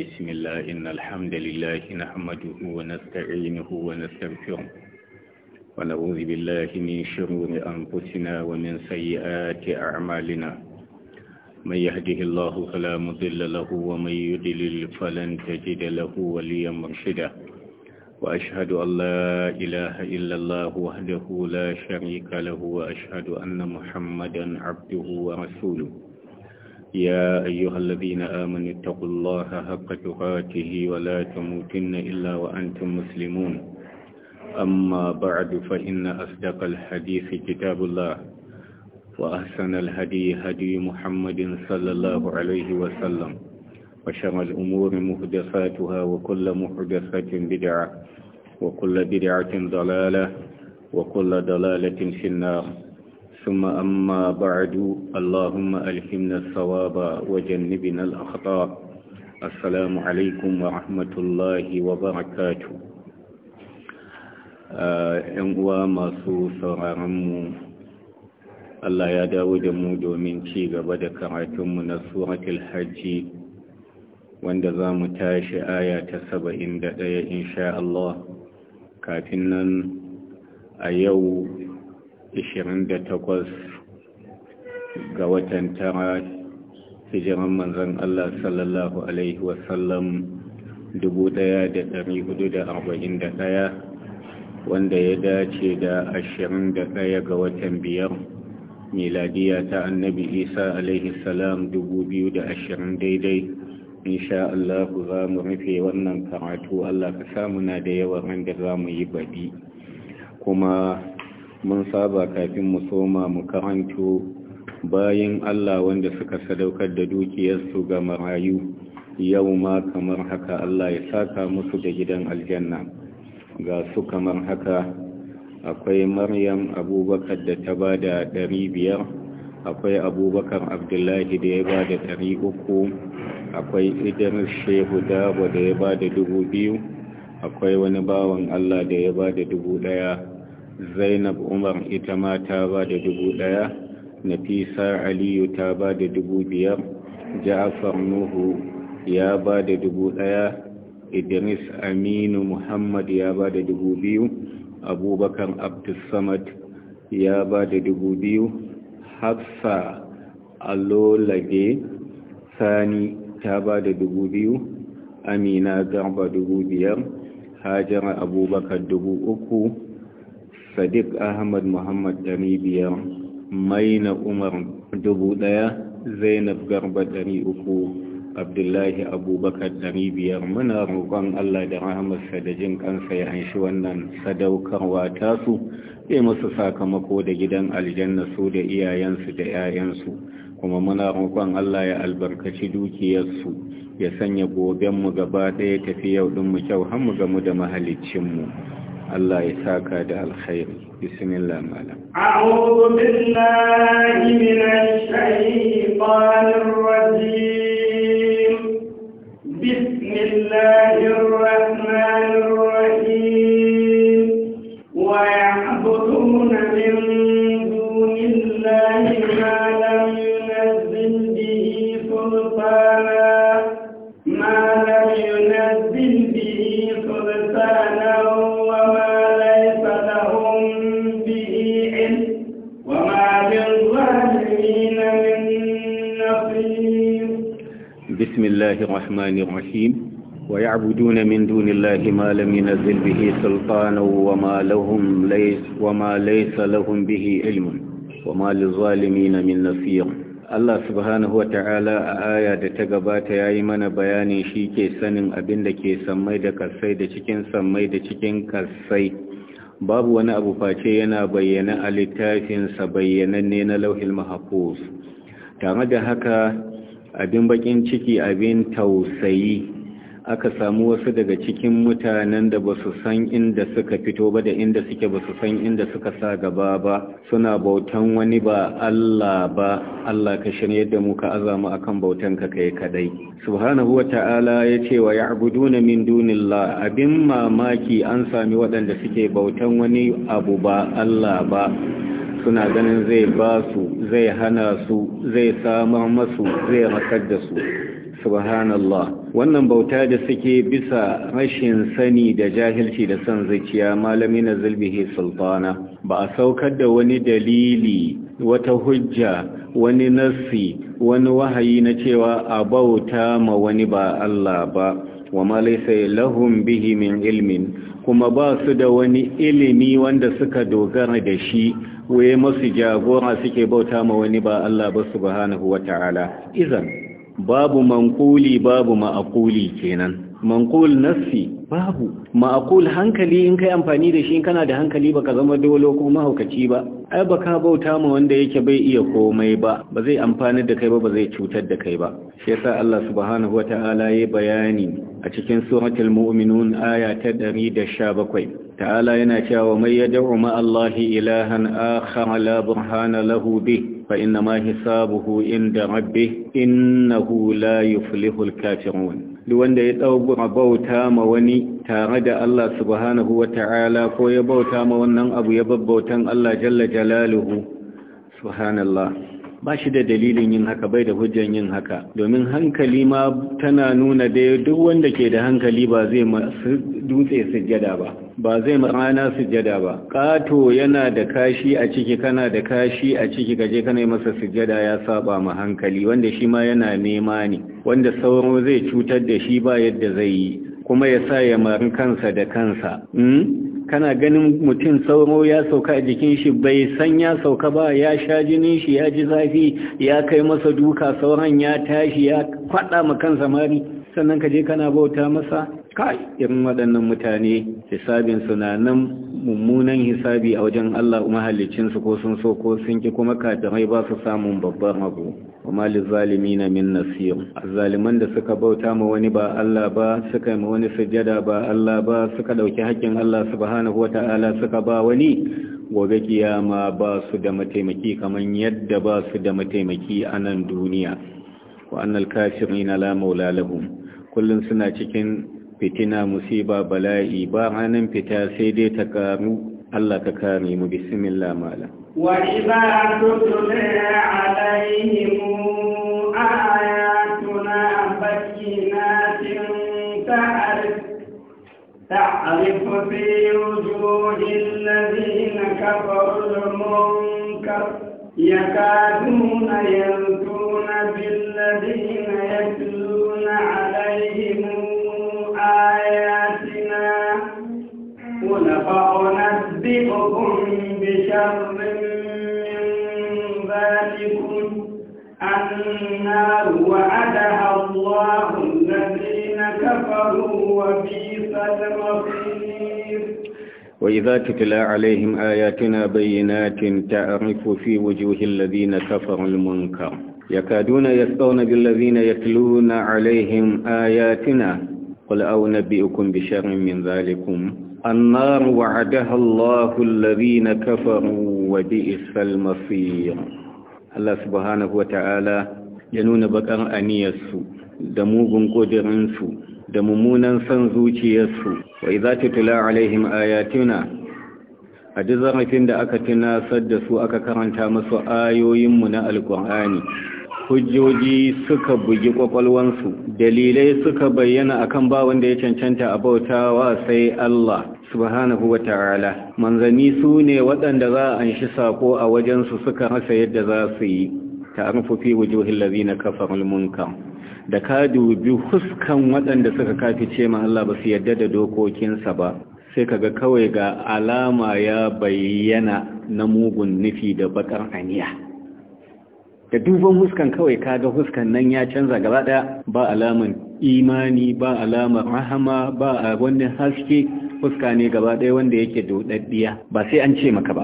بسم الله إن الحمد لله نحمده ونستعينه ونستغفره ونعوذ بالله من شرور أنفسنا ومن سيئات أعمالنا من يهده الله فلا مضل له ومن يضلل فلن تجد له وليا مرشدا وأشهد أن لا إله إلا الله وحده لا شريك له وأشهد أن محمدا عبده ورسوله يا أيها الذين آمنوا اتقوا الله حق تقاته ولا تموتن إلا وأنتم مسلمون أما بعد فإن أصدق الحديث كتاب الله وأحسن الهدي هدي محمد صلى الله عليه وسلم وشر الأمور مهدفاتها وكل مهدفة بدعة وكل بدعة ضلالة وكل ضلالة في النار ثم أما بعد اللهم ألهمنا الصواب وجنبنا الأخطاء السلام عليكم ورحمة الله وبركاته ‘yan uwa masu sauraronmu Allah ya dawo da mu domin ci gaba da karatunmu na suratul hajji wanda za mu tashi aya ta saba'in da ɗaya insha Allah kafin nan a yau 28 ga watan tara hijiran manzan Allah sallallahu Alaihi wasallam 1441 wanda ya dace da 21 ga watan biyar miladiya ta annabi isa alaihi salam 2020 daidai insha Allah za mu rufe wannan karatu Allah ka samu na da yawan da za mu yi baɗi kuma mun saba kafin mu soma mu karanto bayan Allah wanda suka sadaukar da dukiyarsu ga marayu yau ma kamar haka Allah ya saka musu da gidan aljanna ga su kamar haka akwai maryam abubakar da ta ba da biyar. akwai abubakar abdullahi da ya ba da uku. akwai idris shehu dabo da ya ba da biyu. akwai wani bawan Allah da ya ba da ɗaya. zainab umar ita ma ta ba da dubu ɗaya nafisa aliyu ta ba da dubu biyar ja'afar nuhu ya ba da dubu ɗaya idris aminu muhammad ya ba da dubu biyu abubakar abdulsamad ya ba da dubu biyu hafsa alolage sani ta ba da dubu biyu amina garba dubu biyar hajjara abubakar dubu uku sadiq ahmad muhammad ɗari biyar maina umar dubu zainab garba ɗari uku abdullahi abubakar ɗari biyar muna roƙon allah da rahamarsa da jin kansa ya anshi wannan sadaukarwa tasu ya musu sakamako da gidan aljanna su da iyayensu da 'ya'yansu kuma muna roƙon allah ya albarkaci dukiyarsu ya sanya gobenmu gaba ɗaya tafi yau ɗinmu kyau har mu gamu da mahaliccinmu. الله يساك الخير بسم الله مالا أعوذ بالله من الشيطان الرجيم بسم الله الرحمن الرحيم ويعبدون من دون الله ما الله الرحمن الرحيم ويعبدون من دون الله ما لم ينزل به سلطانا وما لهم ليس وما ليس لهم به علم وما للظالمين من نصير Allah subhanahu a aya da ta gabata ya yi mana bayanin shi ke sanin abinda ke sammai da kasai da cikin sammai da cikin kasai babu wani abu face yana bayyana a littafinsa bayyananne na lauhin mahafuz tare da haka abin bakin ciki abin tausayi aka samu wasu daga cikin mutanen da ba su san inda suka fito ba da inda suke ba su san inda suka sa gaba ba suna bautan wani ba Allah ba Allah ka shirya yadda mu ka azama akan bautan ka kai kadai subhanahu wata'ala ya wa ya'buduna min dunillah abin mamaki an sami waɗanda suke bautan wani abu ba Allah ba suna ganin zai ba su zai hana su zai samar masu zai makar da su subhanallah wannan bauta da suke bisa rashin sani da jahilci da son zuciya malami na zulbihi sultana ba a saukar da wani dalili wata hujja wani nassi wani wahayi na cewa a bauta ma wani ba Allah ba wa ma laysa lahum bihi min ilmin kuma ba su da wani ilimi wanda suka dogara da shi waye masu jagora suke bauta ma wani ba Allah ba subhanahu wata'ala idan babu manquli babu ma'quli kenan manqul nafsi babu ma'akul hankali in kai amfani da shi kana da hankali baka zama dole ko mahaukaci ba ai baka bauta ma wanda yake bai iya komai ba ba zai amfani da kai ba ba zai cutar da kai ba shi yasa Allah subhanahu wataala ya bayani a cikin suratul mu'minun aya ta 117 ta'ala yana cewa may yad'u ma ilahan akhar la burhana lahu فإنما حسابه عند ربه إنه لا يفلح الكافرون duk wanda ya ɗaukura bauta ma wani tare da Allah subhanahu wa ta'ala ko ya bauta ma wannan abu ya babbautan Allah jalla jalaluhu subhanallah ba shi da dalilin yin haka bai da hujjan yin haka domin hankali ma tana nuna da duk wanda ke da hankali ba zai dutse sujjada ba ba zai rana sujjada ba kato yana da kashi a ciki kana da kashi a ciki kaje kana yi masa sujjada ya saba ma hankali wanda shi ma yana nema ne wanda sauro zai cutar da shi ba yadda zai yi kuma ya sa ya marin kansa da kansa hmm? kana ganin mutum sauro ya sauka a jikin shi bai san ya sauka ba ya sha jinin shi ya ji zafi ya kai masa duka sauran ya tashi ya kwada ma kansa mari sannan ka je kana bauta masa kai irin waɗannan mutane hisabin na nan mummunan hisabi a wajen Allah mahallicin ko sun so ko sun ki kuma katamai ba su samun babban abu kuma na min nasir azzaliman da suka bauta ma wani ba Allah ba suka ma wani sujjada ba Allah ba suka ɗauki haƙƙin Allah subhanahu ta'ala suka ba wani gobe kiyama ba su da mataimaki kamar yadda ba su da mataimaki a nan duniya wa annal na la maula lahum kullun suna cikin fitina musiba bala'i ba hannun fita sai dai ta karu Allah ka kare mu bismillah mala wa idza tutla alaihim ayatuna bayyinatin ta'arif ta'arif fi wujuhil ladina kafaru al-munkar yakaduna yantuna bil ladina أفأنبئكم بشر من ذلكم النار وعدها الله الذين كفروا وبئس المصير وإذا تتلى عليهم آياتنا بينات تعرف في وجوه الذين كفروا المنكر يكادون يسطون بالذين يتلون عليهم آياتنا قل أو نبئكم بشر من ذلكم النار وعدها الله الذين كفروا وبئس المصير الله سبحانه وتعالى ينون بقر انيس دموغن قدرنسو دممونا سنزوتيسو وإذا تتلى عليهم آياتنا أجزرتين دا أكتنا سدسو أككرنتا مسو آيو يمنا القرآن hujjoji suka bugi kwakwalwansu dalilai suka bayyana akan ba wanda ya cancanta a bautawa sai Allah subhanahu wa ta'ala manzanni su ne waɗanda za a anshi sako a wajen su suka rasa yadda za su yi ta ta'arufu fi wujuhil ladina kafarul munkar da ka dubi huskan waɗanda suka kafi ma Allah ba su yadda da dokokinsa ba sai kaga kawai ga alama ya bayyana na mugun nufi da bakar aniya da duban huskan kawai kaga huskan nan ya canza gaba daya ba alaman imani ba alamar rahama ba a wani haske fuska ne gaba ɗaya wanda yake dodaddiya ba sai an ce maka ba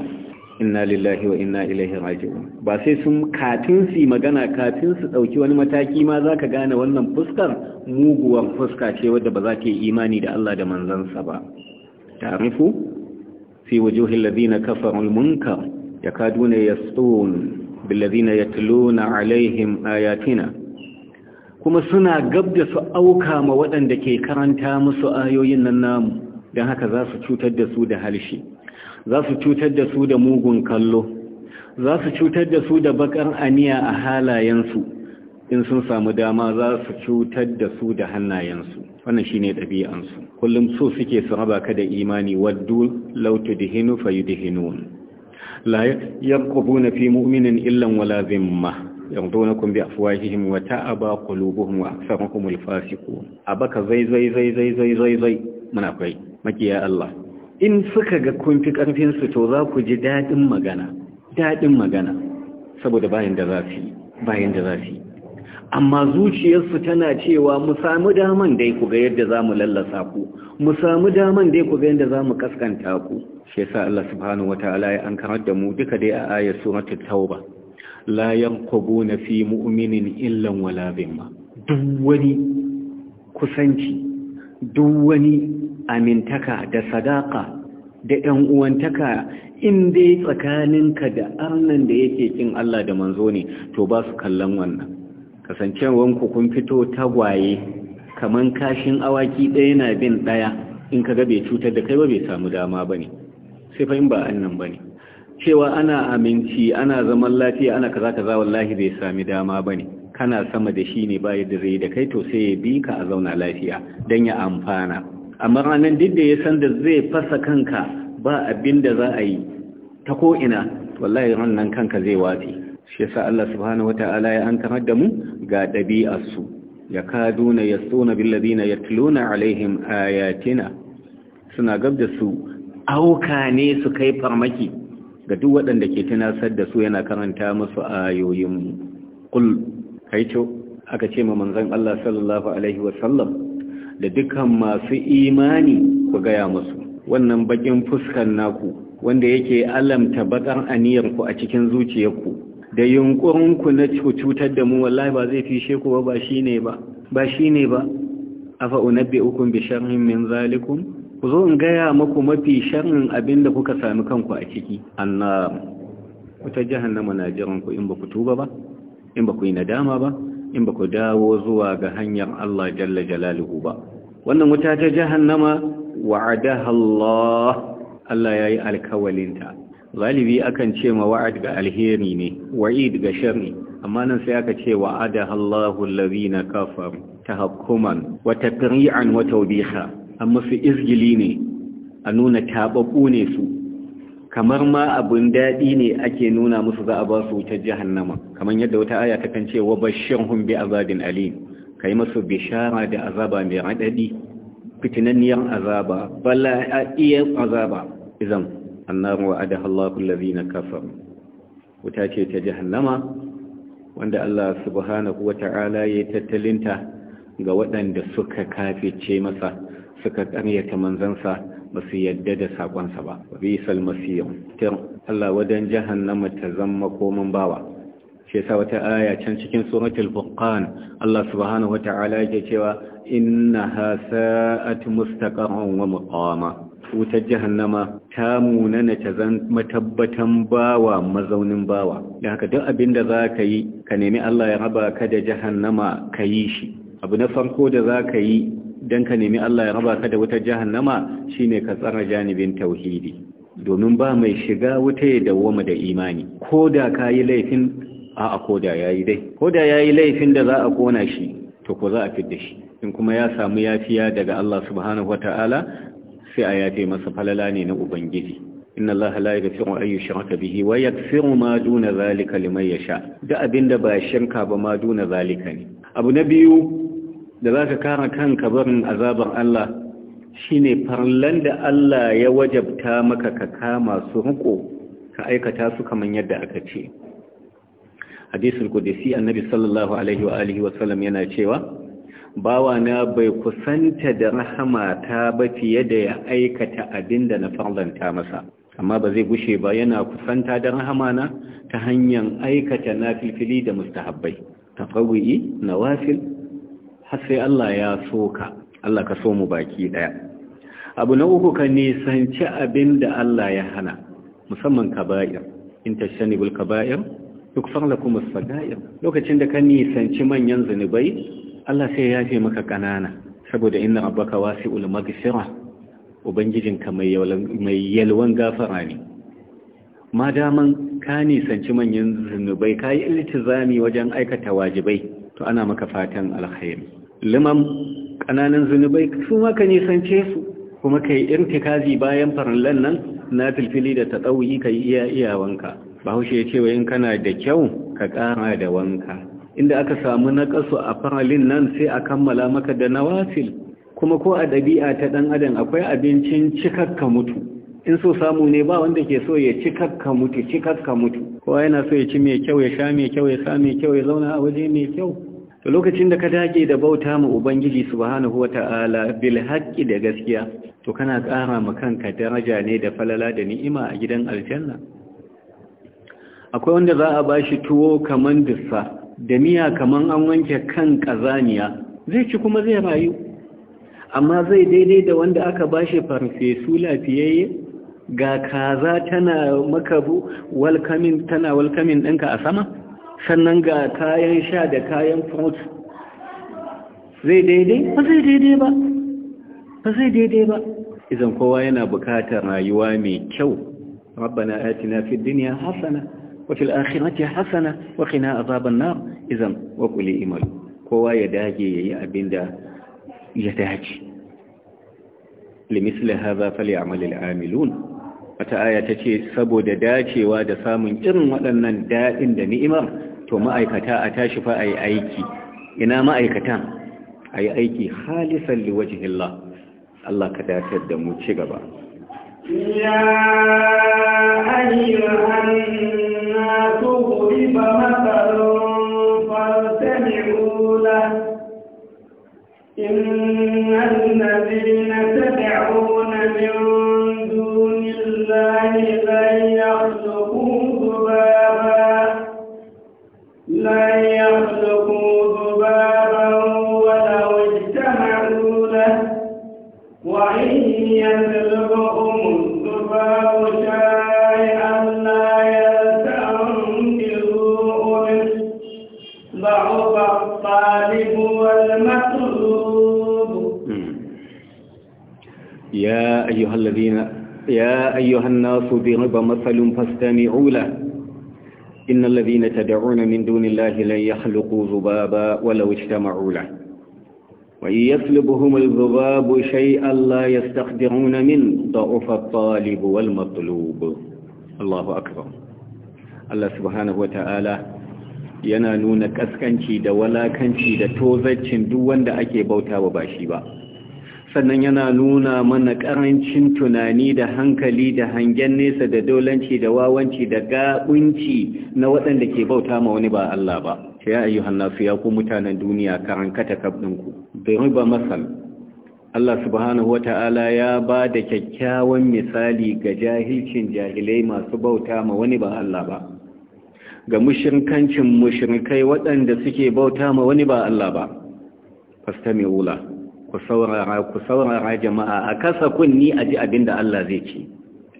inna lillahi wa inna ilaihi raji'un ba sai sun katin su magana katin su dauki wani mataki ma zaka gane wannan fuskar muguwar fuska ce wadda ba za ta yi imani da Allah da manzansa ba ta'rifu fi wujuhil ladina kafaru al-munkar yakaduna yas'un bil ladina yatluna alaihim ayatina kuma suna gab da su auka ma waɗanda ke karanta musu ayoyin nan namu don haka za su cutar da su da halshe za su cutar da su da mugun kallo za su cutar da su da bakar aniya a halayensu in sun samu dama za su cutar da su da hannayensu wannan shi ne ɗabi'ansu kullum so suke su raba ka da imani waddu law tudhinu fayudhinun la na fi mu'minin illan wala zimma wa بأفواههم وتأبى قلوبهم وأكثرهم الفاسقون أبك zai, zai, zai, zai, zai, zai! Muna منافقين makiya Allah in suka ga kun fi karfin su to za ku ji dadin magana dadin magana saboda bayan da za su bayan da za su amma zuciyarsu tana cewa mu samu daman dai ku ga yadda za mu lallasa ku mu samu daman dai ku ga yadda za mu kaskanta ku shi yasa Allah subhanahu wataala ya ankarar da mu duka dai a ayar suratul tauba la yanqubuna fi mu'minin illa wala bimma duk wani kusanci duk wani amintaka da sadaka da ɗan uwantaka in dai tsakaninka da arnan da yake kin Allah da manzo ne to ba su kallon wannan kasancewanku kun fito tagwaye kaman kashin awaki ɗaya na bin ɗaya in kaga bai cutar da kai ba bai samu dama bane sai fa in ba annan bane cewa ana aminci ana zaman lafiya ana kaza kaza wallahi bai sami dama bane kana sama da shi ne ba yadda zai da kai to sai ya bi ka a zauna lafiya dan ya amfana amma ranar duk ya san da zai fasa kanka ba abin da za a yi ta ko'ina wallahi ranar kanka zai wafi shi sa Allah subhanahu ya an kamar da mu ga ɗabi'arsu ya kaduna ya tsona na ya tuluna alaihim yatina suna gab da su auka ne su kai farmaki ga duk waɗanda ke tunasar da su yana karanta musu ayoyin kul kai aka ce ma manzon Allah sallallahu alaihi wasallam da dukan masu imani ku gaya musu wannan bakin fuskan naku wanda yake alamta bakar aniyarku a cikin zuciyarku da yunkurinku na cutar da mu wallahi ba zai fishe ku ba shine ba ba shine ba afa unabbi'ukum bi sharrin min zalikum ku zo in gaya maku mafi sharrin abinda kuka sami kanku a ciki Ku wata jahannama na manajiranku, in ba ku tuba ba in ba ku yi nadama ba in ba ku dawo zuwa ga hanyar Allah jalla jalaluhu ba wannan wuta ta jahannama wa'adaha Allah Allah yayi alkawalinta galibi akan ce ma wa'ad ga alheri ne wa'id ga sharri amma nan sai aka ce wa'adaha Allahu allazina kafar tahakkuman wa tatri'an wa tawbiha amma fi izgili ne a nuna tababu ne su kamar ma abun daɗi ne ake nuna musu za a ba su wutar jahannama kamar yadda wata aya ta kan ce wa bashirhum bi azabin alim kai masu bishara da azaba mai raɗaɗi fitinanniyar azaba bala'iyar azaba izan annar wa'ada Allahu na kafaru wuta ce ta jahannama wanda Allah subhanahu wata'ala ya tattalinta ga waɗanda suka kafice masa suka ƙaryata manzansa ba su yadda da sakonsa ba bi isal masiyun tir Allah wajen jahannama ta zama koman bawa shi yasa wata aya can cikin suratul furqan Allah subhanahu wataala yake cewa innaha sa'at mustaqarran wa muqama wutar jahannama ta munana ta zama tabbatan bawa mazaunin bawa Da haka duk abinda ka yi ka nemi Allah ya raba ka da jahannama ka yi shi abu na farko da ka yi Dan ka nemi Allah ya raba ka da wata jahannama shine ka tsara janibin tauhidi domin ba mai shiga wuta ya dawwama da imani ko da ka yi laifin a a ko da ya yi dai ko da ya yi laifin da za a kona shi to ko za a fidda shi in kuma ya samu yafiya daga Allah subhanahu wata'ala sai a yafe masa falala ne na ubangiji inna Allah la yaghfiru an yushraka bihi wa yaghfiru ma duna zalika liman yasha da abinda ba shirka ba ma duna zalika ne abu na biyu da za ka kara kanka barin azabar Allah shine farlan da Allah ya wajabta maka ka kama su riko ka aikata su kamar yadda aka ce hadisul qudsi annabi sallallahu alaihi wa alihi wa sallam yana cewa bawa na bai kusanta da rahama ta ba fiye da ya aikata abin da na farlanta masa amma ba zai gushe ba yana kusanta da rahama na ta hanyar aikata nafilfili da mustahabbai tafawwi nawafil har sai Allah ya so ka Allah ka so mu baki daya abu na uku ka nisanci abin da Allah ya hana musamman kaba'ir in tashanibul kaba'ir yukfar lakum as-sagair lokacin da ka nisanci manyan zanubai Allah sai ya yafe maka kanana saboda inna rabbaka wasi'ul maghfirah ubangijinka mai yalwan gafara ne Madaman ka nisanci manyan zunubai ka yi iltizami wajen aikata wajibai to ana maka fatan alkhairi liman kananan zunubai su maka nisance su kuma kai irtikazi bayan farallan nan na filfili da ta kai ka iya iyawanka bahaushe ya ce wa in kana da kyau ka ƙara da wanka inda aka samu nakasu a faralin nan sai a kammala maka da nawasil kuma ko a dabi'a ta dan adam akwai abincin cikakka mutu in so samu ne ba wanda ke so ya cikakka mutu cikakka mutu kowa yana so ya ci mai kyau ya sha mai kyau ya sa mai kyau ya zauna a waje mai kyau lokacin da ka dage da bauta ma ubangiji subhanahu wata'ala bil haqqi da gaskiya to kana ƙara ma kanka daraja ne da falala da ni'ima a gidan aljanna akwai wanda za a bashi tuwo kaman dussa da miya kaman an wanke kan kazaniya zai ci kuma zai rayu amma zai daidai da wanda aka bashi farfesu lafiyayye ga kaza tana makabu walkamin tana walkamin ɗinka a sama sannan ga kayan sha da kayan fruit zai daidai ba zai daidai ba ba zai daidai ba izan kowa yana bukatar rayuwa mai kyau rabbana atina fid dunya hasana wa fil akhirati hasana wa qina azaban nar izan wa qul imal kowa ya dage yayi abinda ya dace limithli hadha falyamal al amilun wata aya ta ce saboda dacewa da samun irin waɗannan daɗin da ni'imar to ma'aikata a tashi fa a yi aiki ina ma'aikatan a yi aiki halisan liwajihilla Allah ka datar da mu ci gaba إن النبي مثل فاستمعوا له إن الذين تدعون من دون الله لن يخلقوا ذبابا ولو اجتمعوا له وإن يسلبهم الذباب شيئا لا يستخدعون منه ضعف الطالب والمطلوب الله أكبر الله سبحانه وتعالى yana nuna kaskanci da walakanci da tozaccin duk wanda ake bauta wa ba shi ba sannan yana nuna mana ƙarancin tunani da hankali da hangen nesa da dolanci da wawanci da gaɓunci na waɗanda ke bauta ma wani ba Allah ba Ta ya ayyuhan nasu ya ku mutanen duniya karankata kabdinku bai ba masal Allah subhanahu Ta'ala ya ba da kyakkyawan misali ga jahilcin jahilai masu bauta ma wani ba Allah ba ga mushirkancin mushirkai waɗanda suke bauta ma wani ba Allah ba fastami ula ku saurara ku saurara jama'a a kasa kunni a ji abin da Allah zai ci.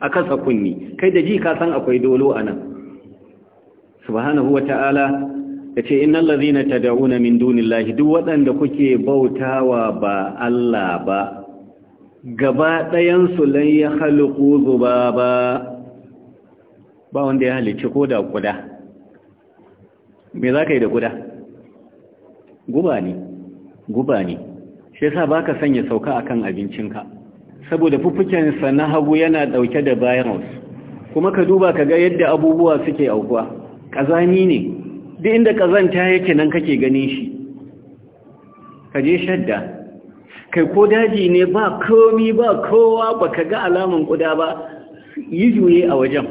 a kasa kunni kai da ji ka san akwai dolo a nan subhanahu wa ta'ala ya ce inna lazina ta da'una min dunillahi duk waɗanda kuke bautawa ba Allah ba gaba ɗayansu lan ya khalqu zubaba ba wanda ya halice ko da kuda me za ka yi da kuda guba ne guba ne shi yasa baka sanya sauka akan abincinka saboda fuffuken sa na hagu yana dauke da virus kuma ka duba ka ga yadda abubuwa suke aukuwa kazani ne duk inda kazanta yake nan kake ganin shi ka je shadda kai ko daji ne ba komi ba kowa ba ka ga alaman kuda ba yi juye a wajen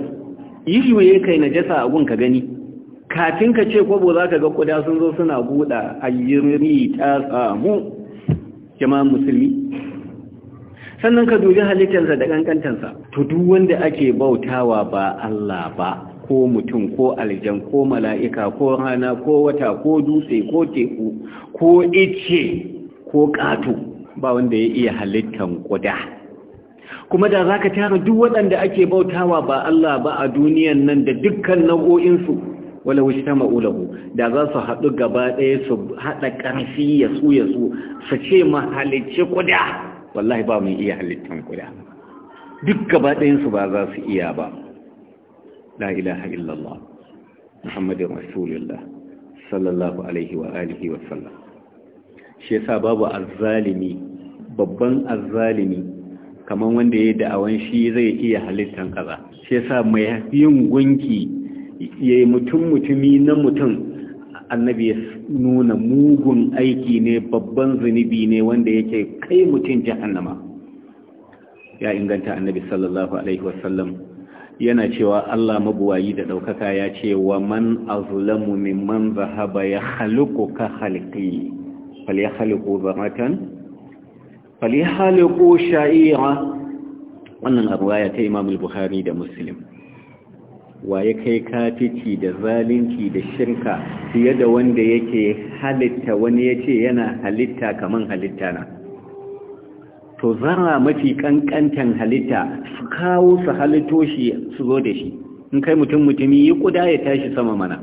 yi juye kai najasa gun ka gani kafin ka ce kwabo za ka ga kuda sun zo suna buɗa ayyiri ta samu jama'an musulmi sannan ka dubi halittarsa da kankantansa to duk wanda ake bautawa ba Allah ba ko mutum ko aljan ko mala'ika ko rana ko wata ko dutse ko teku ko ice ko ƙato ba wanda ya iya halittan ƙuda kuma da za ka tara duk waɗanda ake bautawa ba Allah ba a duniyan nan da dukkan nau'o'insu wala ta ma'ulahu. da za su haɗu gaba ɗaya su haɗa ƙarfi ya su ya su su ce ma halicci kuda wallahi ba mu iya halittan kuda duk gaba ɗayansu ba za su iya ba la ilaha illallah muhammadin rasulullah sallallahu alaihi wa alihi wa sallam shi yasa babu azzalimi babban azzalimi kaman wanda ya da'awan shi zai iya halittan kaza shi yasa mai yin gunki Yi mutum mutumi na mutum annabi ya nuna mugun aiki ne babban zunubi ne wanda yake kai mutum jahannama ya inganta annabi sallallahu alaihi wasallam yana cewa Allah mabuwayi da daukaka ya ce wa man azlamu mimman zahaba ya khaliqu ka khaliqi fal ya khaliqu zamatan fal ya khaliqu sha'ira. wannan ya ta Imam Buhari bukhari da Muslim Wa ya kai kafici da zalunci da shirka fiye da wanda yake halitta wani ya ce yana halitta kaman halitta na to zara mafi kankantan halitta su kawo su halitto shi su zo da shi in kai mutum mutumi yi kuda ya tashi sama mana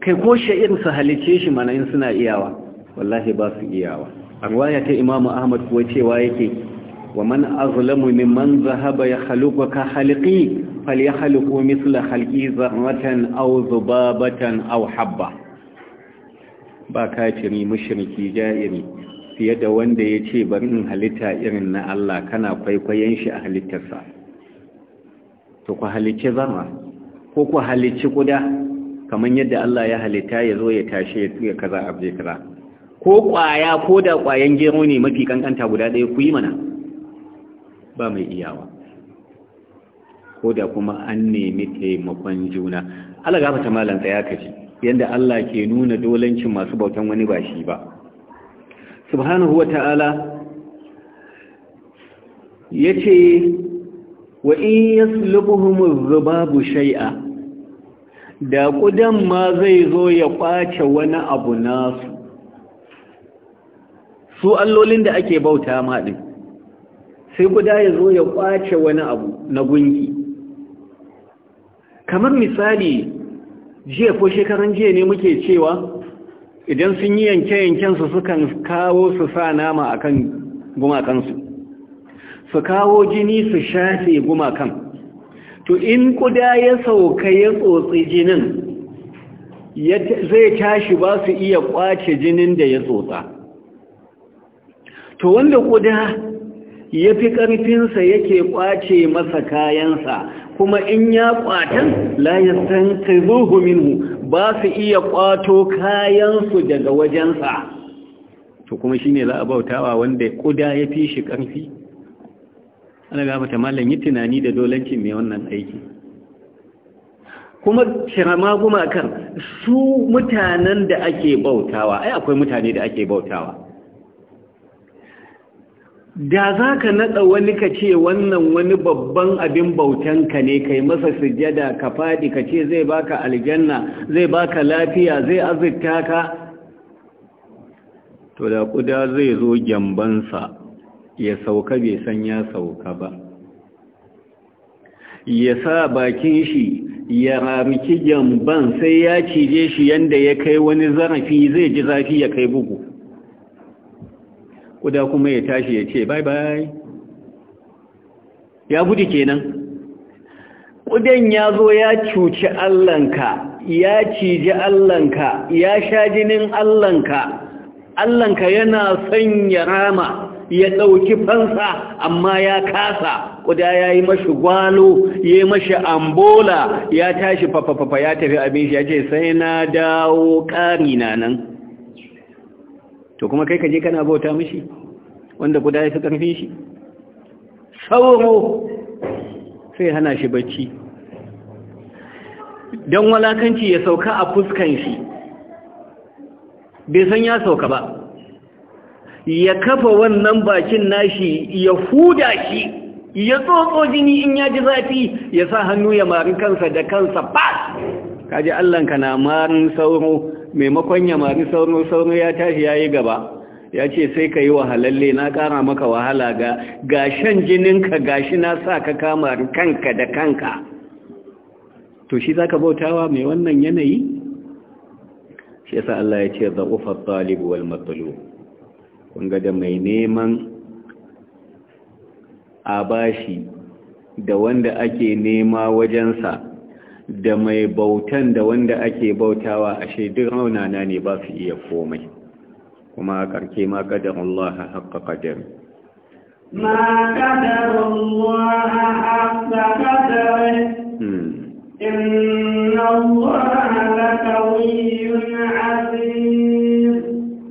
kai ko sha'ir su halicce shi mana in suna iyawa wallahi ba su iyawa arwaya ta imamu ahmad kuwa cewa yake wa man azlamu mimman zahaba ya khaluqa ka khaliqi فليخلقوا مثل خلقي ذرة أو ذبابة أو حبة ba kafiri mushriki ja'iri fiye da wanda ya ce bari in halitta irin na Allah kana kwaikwayon shi a halittarsa to ku halicci zama ko ku halicci kuda kamar yadda Allah ya halitta ya zo ya tashe ya kaza abje kaza ko kwaya ko da kwayan gero ne mafi kankanta guda ɗaya ku yi mana ba mai iyawa ko da kuma an nemi taimakon juna Allah ga fata malam tsaya ka ji yanda Allah ke nuna dolancin masu bautan wani ba shi ba subhanahu ya yace wa in yaslubuhum dhubabu shai'a. da kudan ma zai zo ya kwace wani abu nasu su allolin da ake bauta ma din sai guda ya zo ya kwace wani abu na gunki kamar misali jiya ko shekaran jiya ne muke cewa idan sun yi yanke su sukan kawo su sa nama akan kan gumakansu su kawo jini su shafe gumakan to in kuda ya sauka ya tsotsi jinin zai tashi ba su iya kwace jinin da ya tsotsa to wanda kuda ya fi ƙarfinsa yake ƙwace masa kayansa kuma in ya ƙwatan layin san tazuhu minhu ba su iya ƙwato kayansu daga wajensa to kuma shi ne la'abautawa wanda ƙuda ya fi shi ƙarfi ana gafata malam yi tunani da dolancin mai wannan aiki kuma kirama kan su mutanen da ake bautawa ai akwai mutane da ake bautawa da za ka naɗa wani ka ce wannan wani babban abin bautanka ne kai masa sujjada ka faɗi ka ce zai baka aljanna zai baka lafiya zai azurta ka to da kuda zai zo gyambansa ya sauka bai san ya sauka ba ya sa bakin shi ya ramiki gyamban sai ya cije shi yanda ya kai wani zarafi zai ji zafi ya kai bugu kuda kuma ya tashi ya ce bye bye ya gudu kenan kudan ya zo ya cuci allanka ya ciji allanka ya sha jinin allanka allanka yana son ya rama ya ɗauki fansa amma ya kasa kuda ya yi mashi gwalo ya yi mashi ambola ya tashi fafafafa ya tafi abin shi ya ce sai na dawo ƙari na nan to kuma kai ka je kana bauta mishi wanda guda ya fi ƙarfi shi sauro sai hana shi bacci don walakanci ya sauka a fuskan shi bai san ya sauka ba ya kafa wannan bakin nashi ya huda shi ya tsotso jini in ya ji zafi ya sa hannu ya mari kansa da kansa ba kaji allanka na marin sauro maimakon ya mari sauro sauro ya tashi ya yi gaba ya ce sai ka yi wahalalle na kara maka wahala ga gashen jininka gashi na sa ka kama kanka da kanka to shi za ka bautawa mai wannan yanayi shi yasa Allah ya ce da ufar talibu wal kun ga da mai neman a bashi da wanda ake nema wajensa da mai bautan da wanda ake bautawa ashe duk raunana ne ba su iya komai kuma a ƙarke ma ƙadar Allah haƙa ƙadar ma ƙadar Allah haƙa ƙadar hmm. inna Allah la kawiyyun azim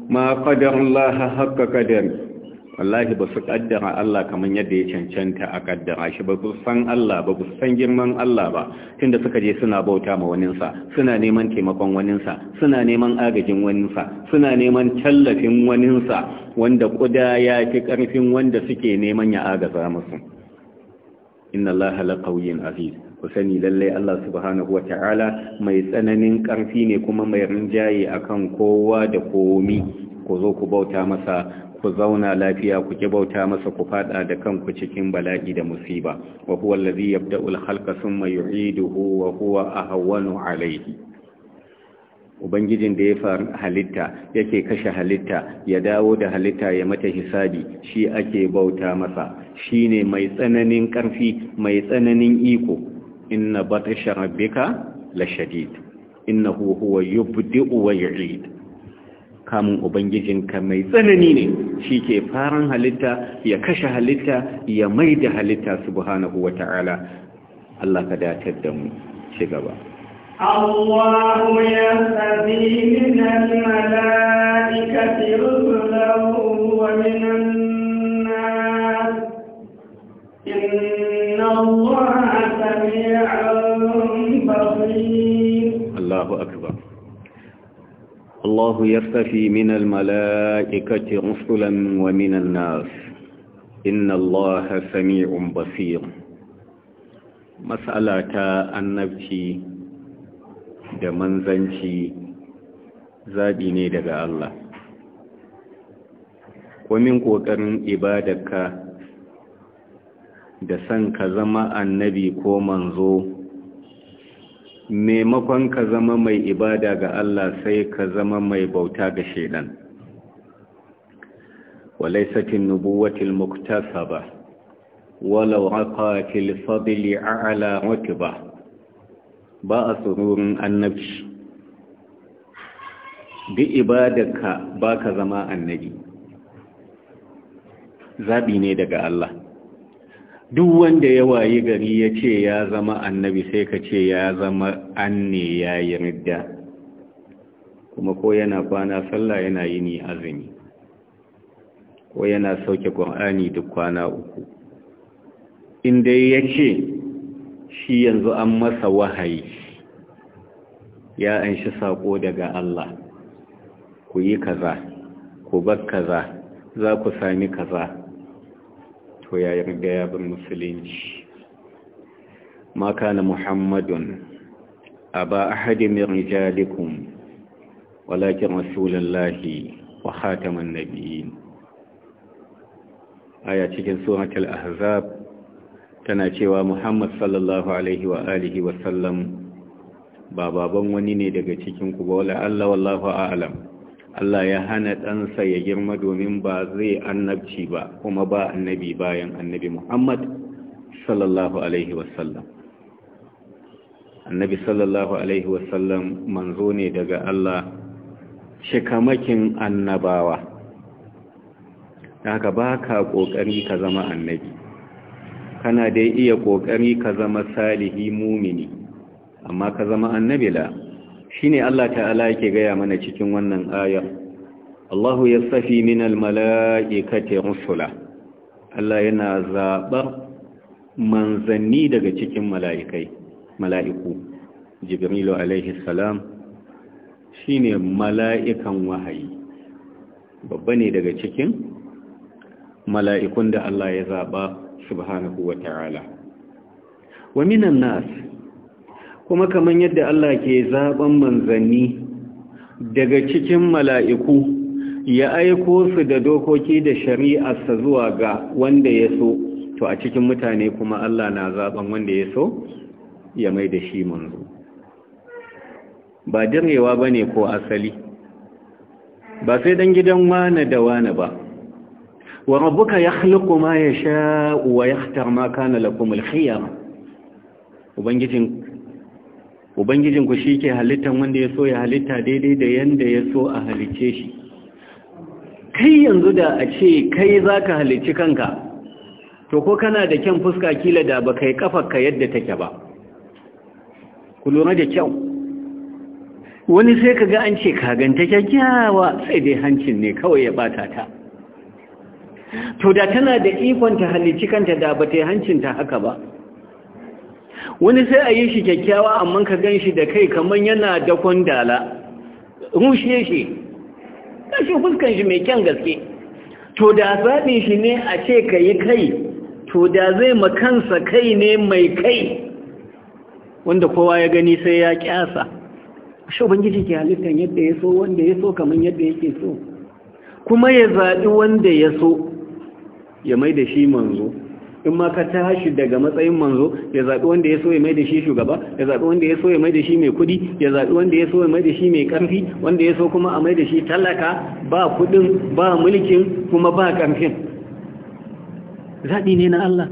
ma ƙadar Allah haƙa ƙadar wallahi ba su kaddara Allah kamar yadda ya cancanta a kaddara shi ba su san Allah ba su san girman Allah ba tunda suka je suna bauta ma waninsa suna neman taimakon waninsa suna neman agajin waninsa suna neman tallafin waninsa wanda kuda ya fi karfin wanda suke neman ya agaza musu inna Allah la qawiyyun aziz ku sani lalle Allah subhanahu wata'ala mai tsananin karfi ne kuma mai rinjaye akan kowa da komi ku zo ku bauta masa ku zauna lafiya ku ki bauta masa ku fada da kanku cikin bala'i da musiba wa huwa allazi yabda'u al-khalqa thumma yu'iduhu wa huwa ahwanu alayhi ubangijin da ya fara halitta yake kashe halitta ya dawo da halitta ya mata hisabi shi ake bauta masa shine mai tsananin karfi mai tsananin iko inna batasha rabbika lashadid innahu huwa yubdi'u wa yu'id kamun ubangijinka mai tsanani ne shi ke faran halitta ya kashe halitta ya mai da halitta subhanahu wa ta'ala Allah ka datar da mu ci gaba Allah ya sabi minan mala'ikati rusulahu wa minan nas inna الله يستفي من الملائكة رسلا ومن الناس إن الله سميع بصير مسألة النبتي da manzanci zaɓi ne daga Allah komin ƙoƙarin ibadarka da son ka zama annabi ko manzo maimakon ka zama mai ibada ga Allah sai ka zama mai bauta ga shaidan walaisatin nubuwatil muktasaba walau aqatil fadli ala utba ba a annabi bi ibadarka baka zama annabi zabi ne daga Allah duk wanda ya wayi gari ya ce ya zama annabi sai ka ce ya zama an ne ya yi ridda kuma ko yana kwana sallah yana yi ni azumi ko yana sauke ƙwa'ani duk kwana uku inda ya ce shi yanzu an masa wahayi ya an shi saƙo daga Allah ku yi kaza ku bar kaza za ku sami kaza to ya yarda ya bar musulunci ma kana muhammadun aba ahadin min rijalikum walakin rasulullahi wa khataman nabiyyin aya cikin suratul ahzab tana cewa muhammad sallallahu alaihi wa alihi wa sallam ba baban wani ne daga cikin ku ba wala Allah wallahu a'lam Allah ya hana ɗansa ya girma domin ba zai annabci ba kuma ba annabi bayan annabi Muhammad sallallahu Alaihi wasallam. Annabi sallallahu Alaihi wasallam manzo ne daga Allah shikamakin annabawa. Daga ba ka ƙoƙari ka zama annabi, kana dai iya ƙoƙari ka zama salihi mumini, amma ka zama annabi la. Shi ne Allah ta'ala yake gaya mana cikin wannan ayar Allahu yastafi minal mala'ikati rusula Allah yana zaɓar manzanni daga cikin mala'ikai mala'iku Jibrilu alaihi salam ne mala'ikan wahayi babba ne daga cikin mala'ikun da Allah ya zaɓa subhanahu wa ta'ala wa minan nas kuma kamar yadda Allah ke zaben manzanni daga cikin mala'iku ya aiko su da dokoki da shari'arsa zuwa ga wanda ya so to a cikin mutane kuma Allah na zaben wanda ya so ya mai da shi manzo ba direwa ba ne ko asali ba sai dan gidan wane da wane ba wa ya ya ma sha’uwa ya hatar ma kana lakumul khiyar ubangijin ubangijin shi ke halittar wanda ya so ya halitta daidai da yanda ya so a halicce shi kai yanzu da a ce kai za ka halicci kanka to ko kana da kyan fuska kila da ba kai ka yadda take ba ku lura da kyau wani sai ka ga an ce kaganta kyakkyawa sai dai hancin ne kawai ya bata ta to da tana da ikon ta halicci kanta da ba ta yi hancinta haka ba wani sai a yi shi kyakkyawa amma ka gan shi da kai kamar yana dakon dala rushe shi kashi fuskan shi mai kyan gaske to da zaɓi shi ne a ce ka yi kai to da zai makansa kai ne mai kai wanda kowa ya gani sai ya kyasa shi ubangiji ke halittar yadda ya so wanda ya so kamar yadda yake so kuma ya zaɓi wanda ya so ya mai da shi manzo in ma ka tashi daga matsayin manzo ya zaɓi wanda ya so ya mai da shi shugaba ya zaɓi wanda ya so ya mai da shi mai kuɗi ya zaɓi wanda ya so ya mai da shi mai ƙarfi wanda ya so kuma a mai da shi talaka ba kuɗin ba mulkin kuma ba ƙarfin zaɓi ne na Allah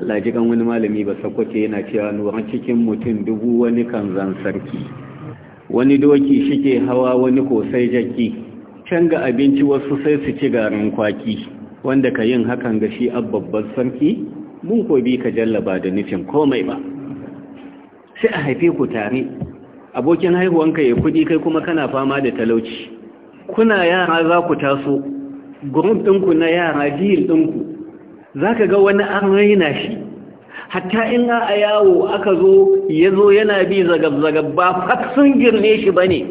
Allah ji kan wani malami ba sakwace yana cewa nuwan cikin mutum dubu wani kan zan sarki wani doki shike hawa wani kosai jaki can ga abinci wasu sai su ci garin kwaki wanda ka yin hakan ga shi babban sarki mun ko ka jallaba da nufin komai ba sai a haife ku tare abokin haihuwanka ya kudi kai kuma kana fama da talauci kuna yara za ku taso gurum ɗinku na yara jihil ɗinku za ka ga wani an raina shi hatta in a yawo aka zo ya zo yana bi zagab-zagab ba sun girne shi ba ne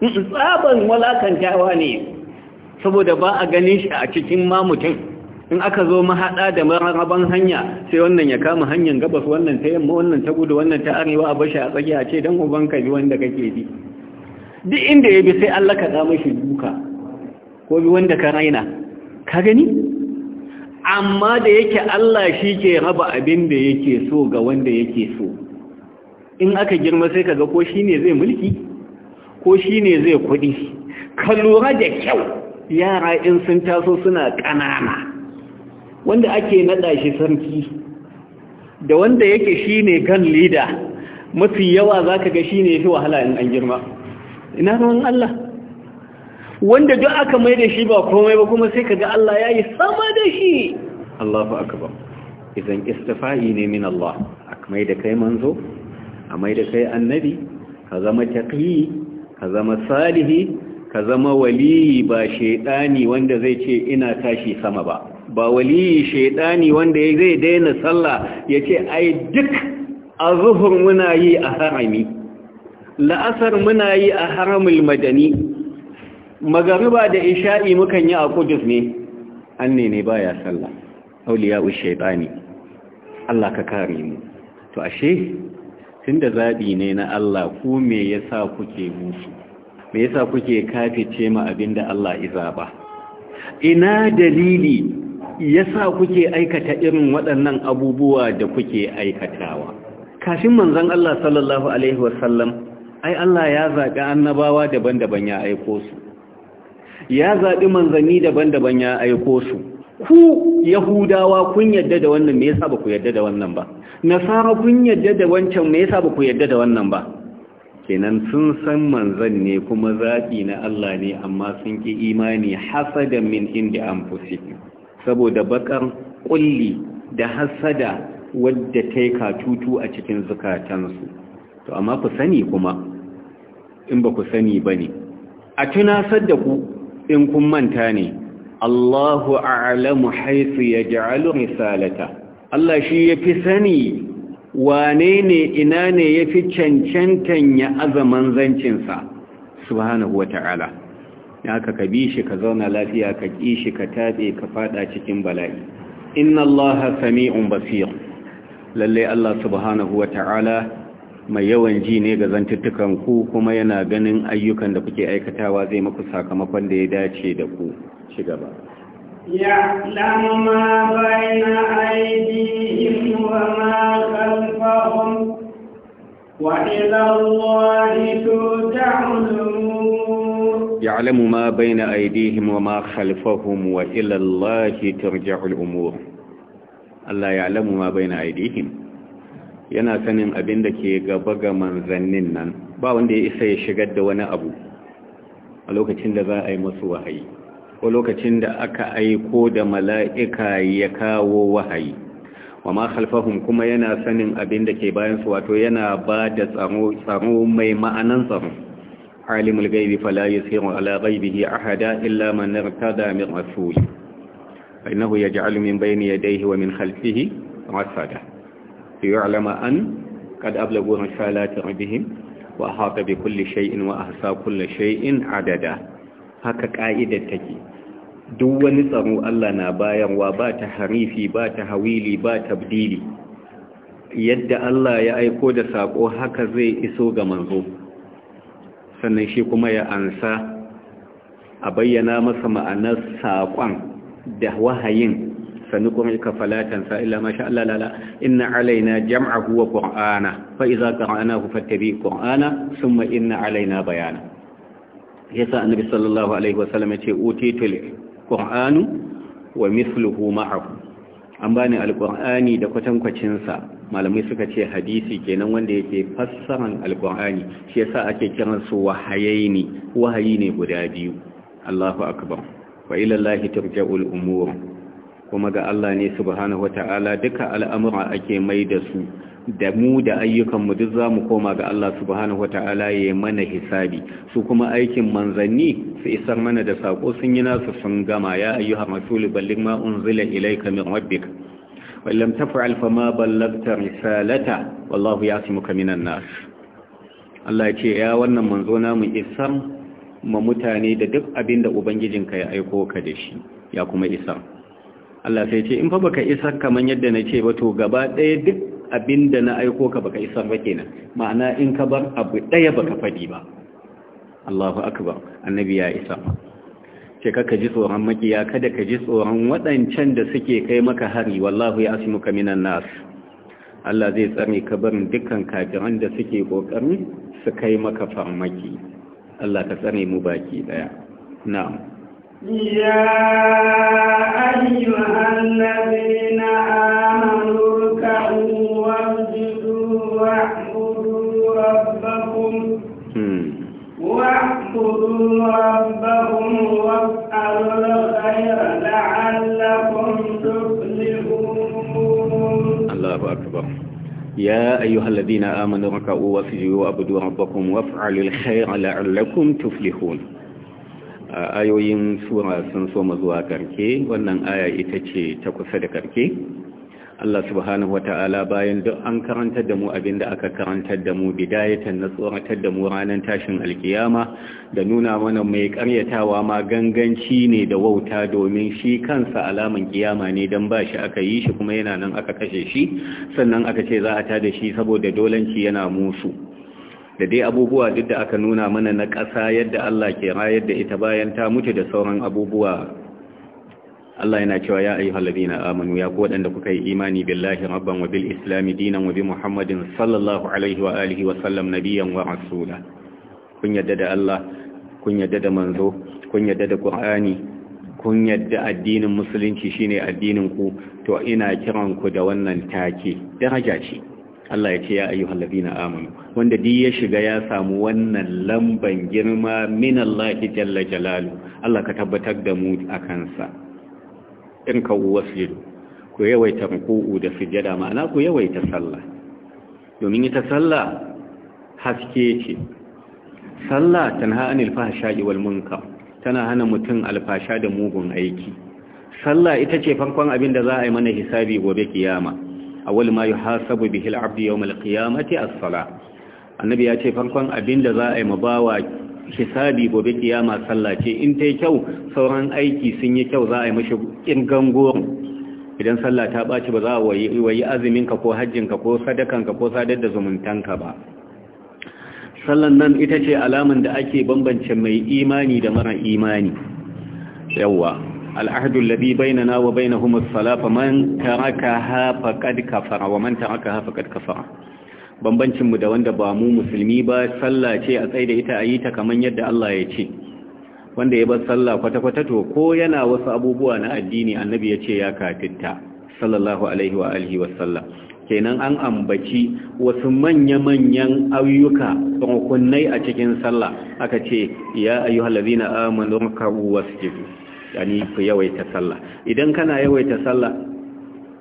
tsaban walakantawa ne saboda ba a ganin shi a cikin ma mutum in aka zo mahaɗa da maraban hanya sai wannan ya kama hanyar gabas wannan ta yamma wannan ta gudu wannan ta arewa a bashi a tsakiya ce don uban ka bi wanda kake bi duk inda ya bi sai Allah ka da mashi duka ko bi wanda ka raina ka gani amma da yake Allah shi ke raba abin da yake so ga wanda yake so in aka girma sai kaga ko shine zai mulki ko shine zai kuɗi ka lura da kyau yara in sun taso suna ƙanana wanda ake naɗa shi sarki da wanda yake shi ne gan lida mafi yawa za ka ga shi ne fi wahala in an girma ina ruwan Allah wanda duk aka mai da shi ba komai ba kuma sai ka ga Allah ya yi sama da shi Allahu akbar idan istifa'i ne min Allah aka mai da kai manzo a mai da kai annabi ka zama taƙi ka zama salihi ka zama waliyi ba shaidani wanda zai ce ina tashi sama ba ba waliyi shaidani wanda zai daina sallah ya ce ai duk azuhur muna yi a harami la'asar muna yi a haramul madani magariba da isha'i mukan yi a kudus ne an ne baya sallah auliya shaidani Allah ka kare mu to ashe tunda zabi ne na Allah ku me yasa kuke musu me yasa kuke kafice ma abinda Allah zaba? ina dalili yasa kuke aikata irin waɗannan abubuwa da kuke aikatawa kafin manzon Allah sallallahu alaihi wasallam ai Allah ya zaɓi annabawa daban-daban ya aiko su ya zaɓi manzanni daban-daban ya aiko su ku yahudawa kun yadda da wannan me yasa ba ku yadda da wannan ba nasara kun yadda da wancan me yasa ba ku yadda da wannan ba kenan sun san manzan ne kuma zaɓi na Allah ne amma sun ƙi imani hasada min inda an fusi saboda bakar ƙulli da hasada wadda ta yi katutu a cikin zukatansu to amma ku sani kuma in ba ku sani ba ne a tunasar da ku in kun manta ne Allahu a'lamu ya yaj'alu risalata Allah shi ya fi sani wane ne ina ne ya fi cancantan ya azaman zancinsa subhanahu wa ta'ala ya ka ka shi ka zauna lafiya ka ƙi shi ka taɓe ka faɗa cikin bala'i inna allaha sami'un basir lallai allah subhanahu wa ta'ala mai yawan ji ne ga zantuttukan ku kuma yana ganin ayyukan da kuke aikatawa zai maku sakamakon da ya dace da ku ci gaba يعلم ما بين أيديهم وما خلفهم وإلى الله ترجع الأمور يعلم ما بين أيديهم وما خلفهم وإلى الله ترجع الأمور Allah ya alamu ma bai na aidihim yana sanin abin da ke gaba ga manzannin nan ba wanda ya isa ya shigar da wani abu a lokacin da za a yi masu wahayi ko lokacin da aka aiko da mala'ika ya kawo wahayi wa ma khalfahum kuma yana sanin abin da ke bayansu su wato yana ba da tsaro mai ma'anan tsaro alimul gaibi fala yusiru ala ghaibihi ahada illa man irtada min rasul fa innahu yaj'alu min bayni yadayhi wa min khalfihi rasada liya'lama an qad ablagu risalati rabbihim wa ahata bi kulli shay'in wa ahsa kulli shay'in adada haka ka'idar take duk wani tsaro Allah na bayarwa ba ta harifi ba ta hawili ba ta tabdili yadda Allah ya aiko da sako haka zai iso ga manzo sannan shi kuma ya ansa a bayyana masa ma'anar sakon da wahayin falatan sa illa masha Allah la la inna alaina jam'ahu wa qur'ana fa idza qara'nahu fattabi qur'ana thumma inna alaina bayana sa annabi sallallahu alaihi wasallam yace utitul qur'anu wa mithluhu ma'ahu an bani alqur'ani da kwatankwacin sa malamai suka ce hadisi kenan wanda yake fassaran alqur'ani shi yasa ake kiran su wahayaini wahayi ne guda biyu Allahu akbar wa ila llahi turja'ul umur kuma ga Allah ne subhanahu wata'ala duka al'amura ake mai da su da mu da ayyukanmu duk zamu koma ga Allah subhanahu wata'ala ya mana hisabi su kuma aikin manzanni su isar mana da sako sun yi nasu sun gama ya ayyuha masu balligh ma unzila ilayka min rabbik wa lam taf'al ma ballagta risalata wallahu ya'simuka minan nas Allah ya ce ya wannan manzo na mu isar ma mutane da duk abin da ka ya aiko ka da shi ya kuma isar Allah sai ce in fa baka isar kaman yadda na ce ba to gaba ɗaya duk Abin da na aiko ka baka isar ba kenan ma'ana in ka bar abu daya baka fadi ba Allahu akbar annabi ya isa ce ka ji tsoron makiya kada ka ji tsoron waɗancan da suke kai maka hari wallahu ya ka minan nas Allah zai tsare ka barin dukkan kafiran da suke kokarin su kai maka farmaki Allah ka tsare mu baki daya na'am ya ayyuhan أيها الذين آمنوا اركعوا واسجدوا وعبدوا ربكم وافعلوا الخير لعلكم تفلحون ayoyin sura sun so mu zuwa karke wannan aya ita ce ta kusa da karke Allah subhanahu wa ta'ala bayan duk an karantar da mu abin da aka karantar da mu bidayatan na tsoratar da mu ranar tashin alkiyama da nuna mana mai karyatawa ma ganganci ne da wauta domin shi kansa alaman kiyama ne don ba shi aka yi shi kuma yana nan aka kashe shi sannan aka ce za a ta da shi saboda dolanci yana musu da dai abubuwa duk da aka nuna mana na ƙasa yadda Allah ke rayar da ita bayan ta mutu da sauran abubuwa Allah yana cewa ya ayyuhal ladina amanu ya ku wadanda kuka yi imani billahi rabban wa bil islam dinan wa bi muhammadin sallallahu alaihi wa alihi wa sallam nabiyyan wa rasula kun yadda da Allah kun yadda da manzo kun yadda da qur'ani kun yadda addinin musulunci shine addinin ku to ina kiran ku da wannan take daraja ce Allah ya ce ya ayyuhal ladina amanu wanda duk ya shiga ya samu wannan lamban girma min Allah jalla jalalu Allah ka tabbatar da mu akan sa irkawu wasjudu ku yawaita ruku'u da sujjada ma'ana ku yawaita sallah domin ita sallah haske ce sallah tana anil fahsha'i wal munkar tana hana mutum alfasha da mugun aiki sallah ita ce farkon abin da za a yi mana hisabi gobe kiyama awwal ma yuhasabu bihi al-'abdu yawm al-qiyamati as-salah annabi ya ce farkon abin da za a yi mabawa hisabi gobe kiyama sallah ce in ta yi kyau sauran aiki sun yi kyau za a yi mashi kirgan goron idan sallah ta baci ba za a wayi ka ko hajjinka ko sadakanka ko sadar da zumuntanka ba sallan nan ita ce alaman da ake bambance mai imani da mara imani yawa al'ahdu ladhi bainana wa bainahum as salafa man taraka ha faqad kafara wa man taraka ha faqad kafara bambancinmu da wanda ba mu musulmi ba sallah ce a tsaye da ita a yi ta kamar yadda Allah ya ce wanda ya bar sallah kwata-kwata to ko yana wasu abubuwa na addini annabi ya ce ya kafita. sallallahu alaihi wa alihi wa sallam kenan an ambaci wasu manya-manyan ayyuka rukunai a cikin sallah aka ce ya ayyuhal ladina amanu wasu wasjudu yani ku yawaita sallah idan kana yawaita sallah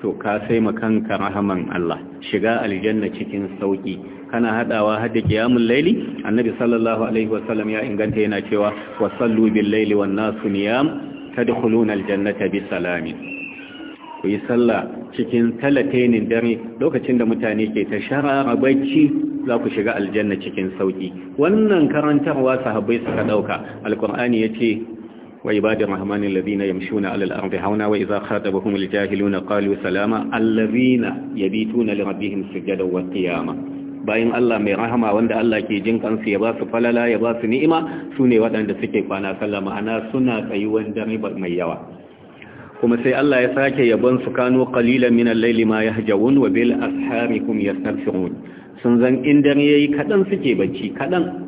to ka sai kanka rahaman Allah shiga aljanna cikin sauki kana hadawa hadda qiyamul laili annabi sallallahu alaihi ya inganta yana cewa wasallu bil laili wan nasu niyam tadkhuluna aljannata ku yi sallah cikin talatainin dare lokacin da mutane ke ta sharara bacci za ku shiga aljanna cikin sauki wannan karantarwa sahabbai suka dauka alqur'ani yace وعباد الرحمن الذين يمشون على الأرض هونا وإذا خاطبهم الجاهلون قالوا سلاما الذين يبيتون لربهم سجدا وقياما bayan Allah mai rahama wanda Allah ke jin kansu ya ba su falala ya ba su ni'ima su ne waɗanda suke kwana sallah ma'ana suna tsayuwan dare mai yawa kuma sai Allah ya sake yabon su kano qalilan min al-layli ma yahjawun wa bil asharikum yastaghfirun sun zan in dare yayi kadan suke bacci kadan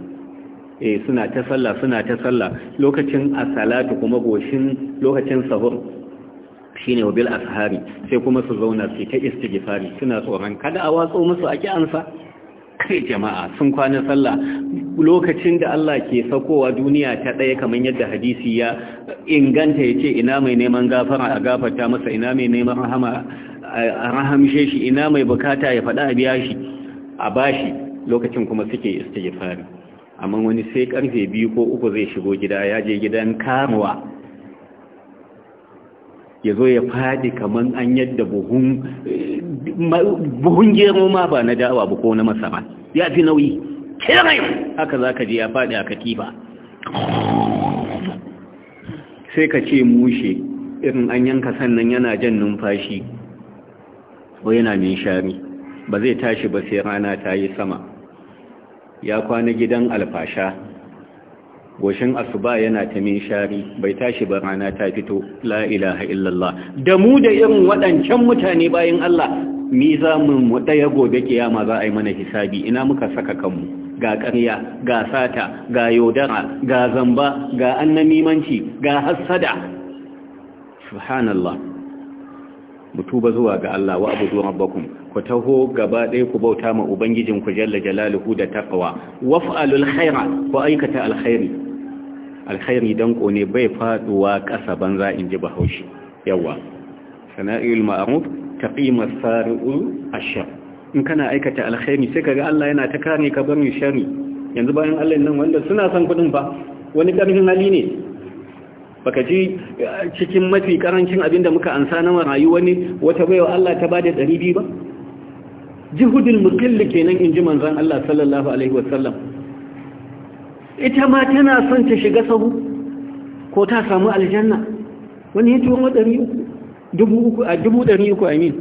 eh suna ta sallah suna ta sallah lokacin as-salatu kuma goshin lokacin sahur shine wabil ashari sai kuma su zauna su ta istighfari suna tsoron kada a watsa musu ake ansa kai jama'a sun kwana sallah lokacin da Allah ke sakowa duniya ta ɗaya kamar yadda hadisi ya inganta ya ce ina mai neman gafara a gafarta masa ina mai neman rahama a rahamshe shi ina mai bukata ya fada a biya shi a bashi lokacin kuma suke istighfari amma wani sai karfe biyu ko uku zai shigo gida ya je gidan kamuwa ya zo ya fadi kamar an yadda buhun gero ma ba na dawa ba ko na masara ya fi nauyi kirin haka za ka je ya fadi a katifa sai ka ce mushe irin an yanka sannan yana jan numfashi ko yana shari. ba zai tashi ba sai rana ta yi sama ya kwana gidan alfasha goshin asuba yana ta min shari bai tashi ba rana ta fito la ilaha illallah da mu da irin waɗancan mutane bayan Allah mi za mu ya gobe kiyama za a yi mana hisabi ina muka saka kanmu ga ƙarya ga sata ga yaudara ga zamba ga annamimanci ga hassada subhanallah mu tuba zuwa ga Allah wa abudu ku taho gaba ɗaya ku bauta ma ubangijin ku jalla jalaluhu da Wa waf'alul khaira ku aikata alkhairi alkhairi dan ƙone bai faduwa ƙasa banza in ji bahaushe yawa sana'il ma'ruf taqima sari'u ashar in kana aikata alkhairi sai kaga Allah yana ta kare ka barin shari yanzu bayan Allah nan wanda suna son kudin fa wani karfin hali ne baka ji eh, cikin mafi karancin abin da muka ansa na marayu wani wata baiwa Allah ta bada ɗari biyu ba jihudul muqilli kenan in ji manzon Allah sallallahu alaihi wasallam ita ma tana son ta shiga sahu ko ta samu aljanna wani ya tuwo ɗari uku a dubu ɗari uku amin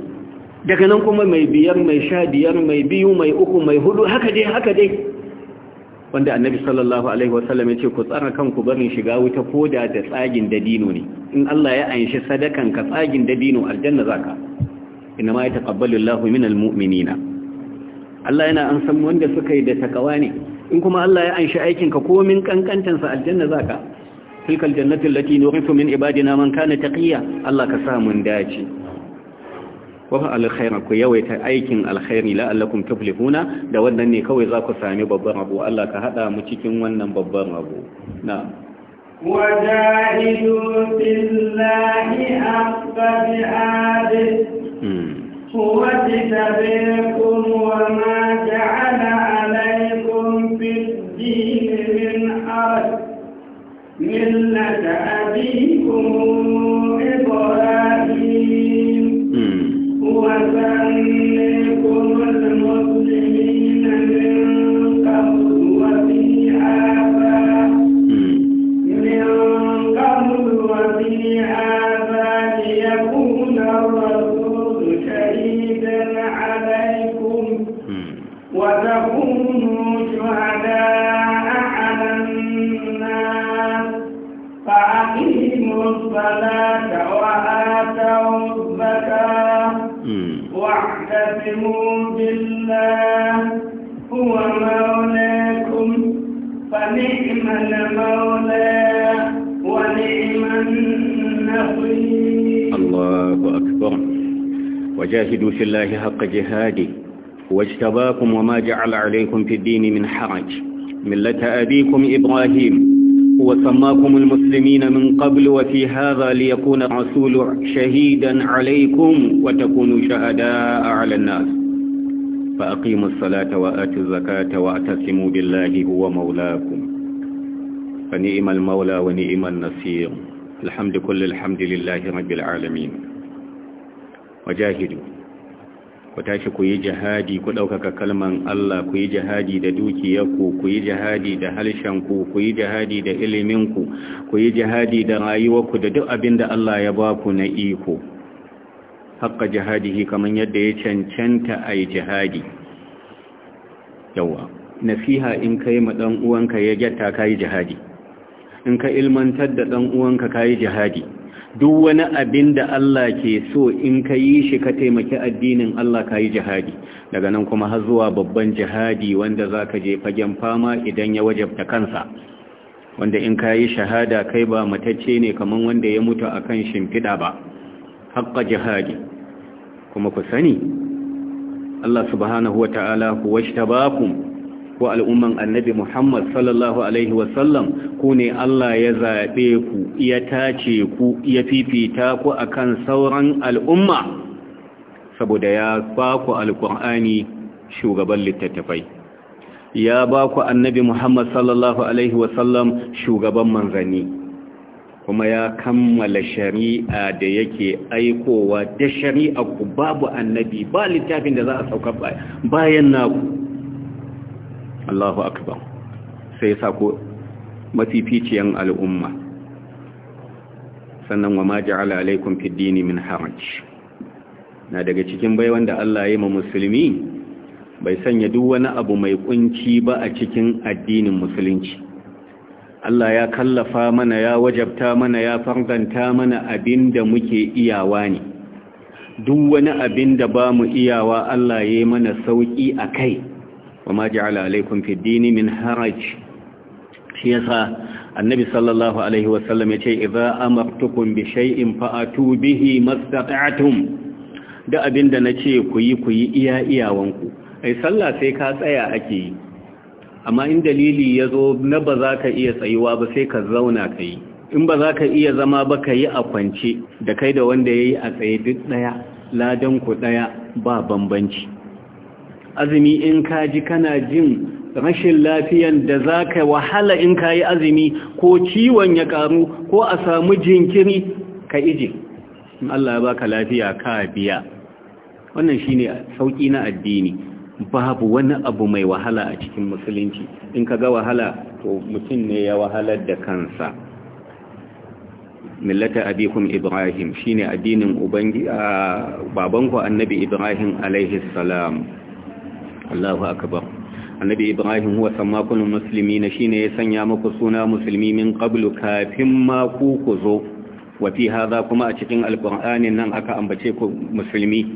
daga nan kuma mai biyar mai sha biyar mai biyu mai uku mai hudu haka dai haka dai wanda annabi sallallahu alaihi wasallam yace ku tsara kanku barin shiga wuta koda da tsagin dadino ne in Allah ya anshi sadakan ka tsagin dadino aljanna zaka inna ma yataqabbalu Allahu min mu'minina Allah yana an san wanda suka yi da takawa ne in kuma Allah ya anshi aikin ka komin kankantan sa aljanna zaka tilkal jannatu allati nurisu min ibadina man kana taqiya Allah ka sa mun dace wa fa'alul khaira ku yawaita aikin alkhairi la'allakum tuflihuna da wannan ne kawai za ku sami babban rabo Allah ka hada mu cikin wannan babban rabo na'am وجاهدوا في الله حق جهاده هو اجتبيكم وما جعل عليكم في الدين من حرج ملة أبيكم وتكونوا شهداء الناس فأقيموا الصلاة بالله هو مولاكم فنعم المولى ونعم النصير الله أكبر وجاهدوا في الله حق جهاده واجتباكم وما جعل عليكم في الدين من حرج ملة أبيكم إبراهيم وسماكم المسلمين من قبل وفي هذا ليكون الرسول شهيدا عليكم وتكونوا شهداء على الناس فأقيموا الصلاة وآتوا الزكاة واعتصموا بالله هو مولاكم فنئم المولى ونئم النصير الحمد كل الحمد لله رب العالمين وجاهدوا ku tashi ku yi jihadi ku ɗaukaka kalman Allah ku yi jihadi da dukiyarku ku yi jihadi da halshenku ku yi jihadi da iliminku ku yi jihadi da rayuwarku da duk abin da Allah ya ba ku na iko haƙƙa jihadihi kamar yadda ya cancanta a yi jihadi yawa nasiha in ka yi ma ya gyatta ka yi jihadi in ka ilmantar da ɗanuwanka uwanka ka yi jihadi duk wani abin da Allah ke so in ka yi shi ka taimaki addinin Allah ka yi jihadi daga nan kuma har zuwa babban jihadi wanda za ka je fagen fama idan ya wajabta kansa wanda in ka yi shahada kai ba matacce ne kamar wanda ya mutu a kan shimfiɗa ba haƙƙa jihadi kuma ku sani Allah subhanahu wa ta'ala huwa shtabakum ko al'umman annabi Muhammad sallallahu alaihi wasallam ku ne Allah ya zaɓe ku ya tace ku ya fifita ku akan sauran al'umma saboda ya ba ku alƙur'ani shugaban littattafai ya ba ku annabi Muhammad sallallahu alaihi wasallam shugaban manzanni kuma ya kammala shari'a da yake aikowa da shari'a ku babu annabi ba littafin da za a sauka bayan naku Allahu akbar sai ya sako mafificiyan al'umma sannan wa ma ja'ala alaikum fi dini min haraj na daga cikin bai wanda Allah ya yi ma musulmi bai sanya duk wani abu mai kunci ba a cikin addinin musulunci Allah ya kallafa mana ya wajabta mana ya fardanta mana abin da muke iyawa ne duk wani abin da ba mu iyawa Allah ya yi mana sauki a kai wa ma ja'ala alaikum fid dini min haraj shi yasa annabi sallallahu alaihi wasallam yace idza amartukum bi shay'in fa'atu bihi mastata'tum da abinda nace ku yi ku yi iya iyawanku ai sallah sai ka tsaya ake yi amma in dalili yazo na ba za ka iya tsayuwa ba sai ka zauna kai in ba za ka iya zama ba ka yi a kwance da kai da wanda yayi a tsaye duk ɗaya. ladan ku daya ba bambanci azumi in ka ji kana jin rashin lafiyan da za ka wahala in ka yi azumi ko ciwon ya karu ko a samu jinkiri ka iji in Allah ya baka lafiya ka biya wannan shine sauki na addini babu wani abu mai wahala a cikin musulunci in ka ga wahala to mutum ne ya wahalar da kansa millata abikum ibrahim shine addinin ubangi a babanku annabi ibrahim alaihi salam Allahu akbar annabi ibrahim huwa sammakun na shine ya sanya muku suna musulmi min qablu kafin ma ku zo wa fi hadha kuma a cikin alqur'anin nan aka ambace ku musulmi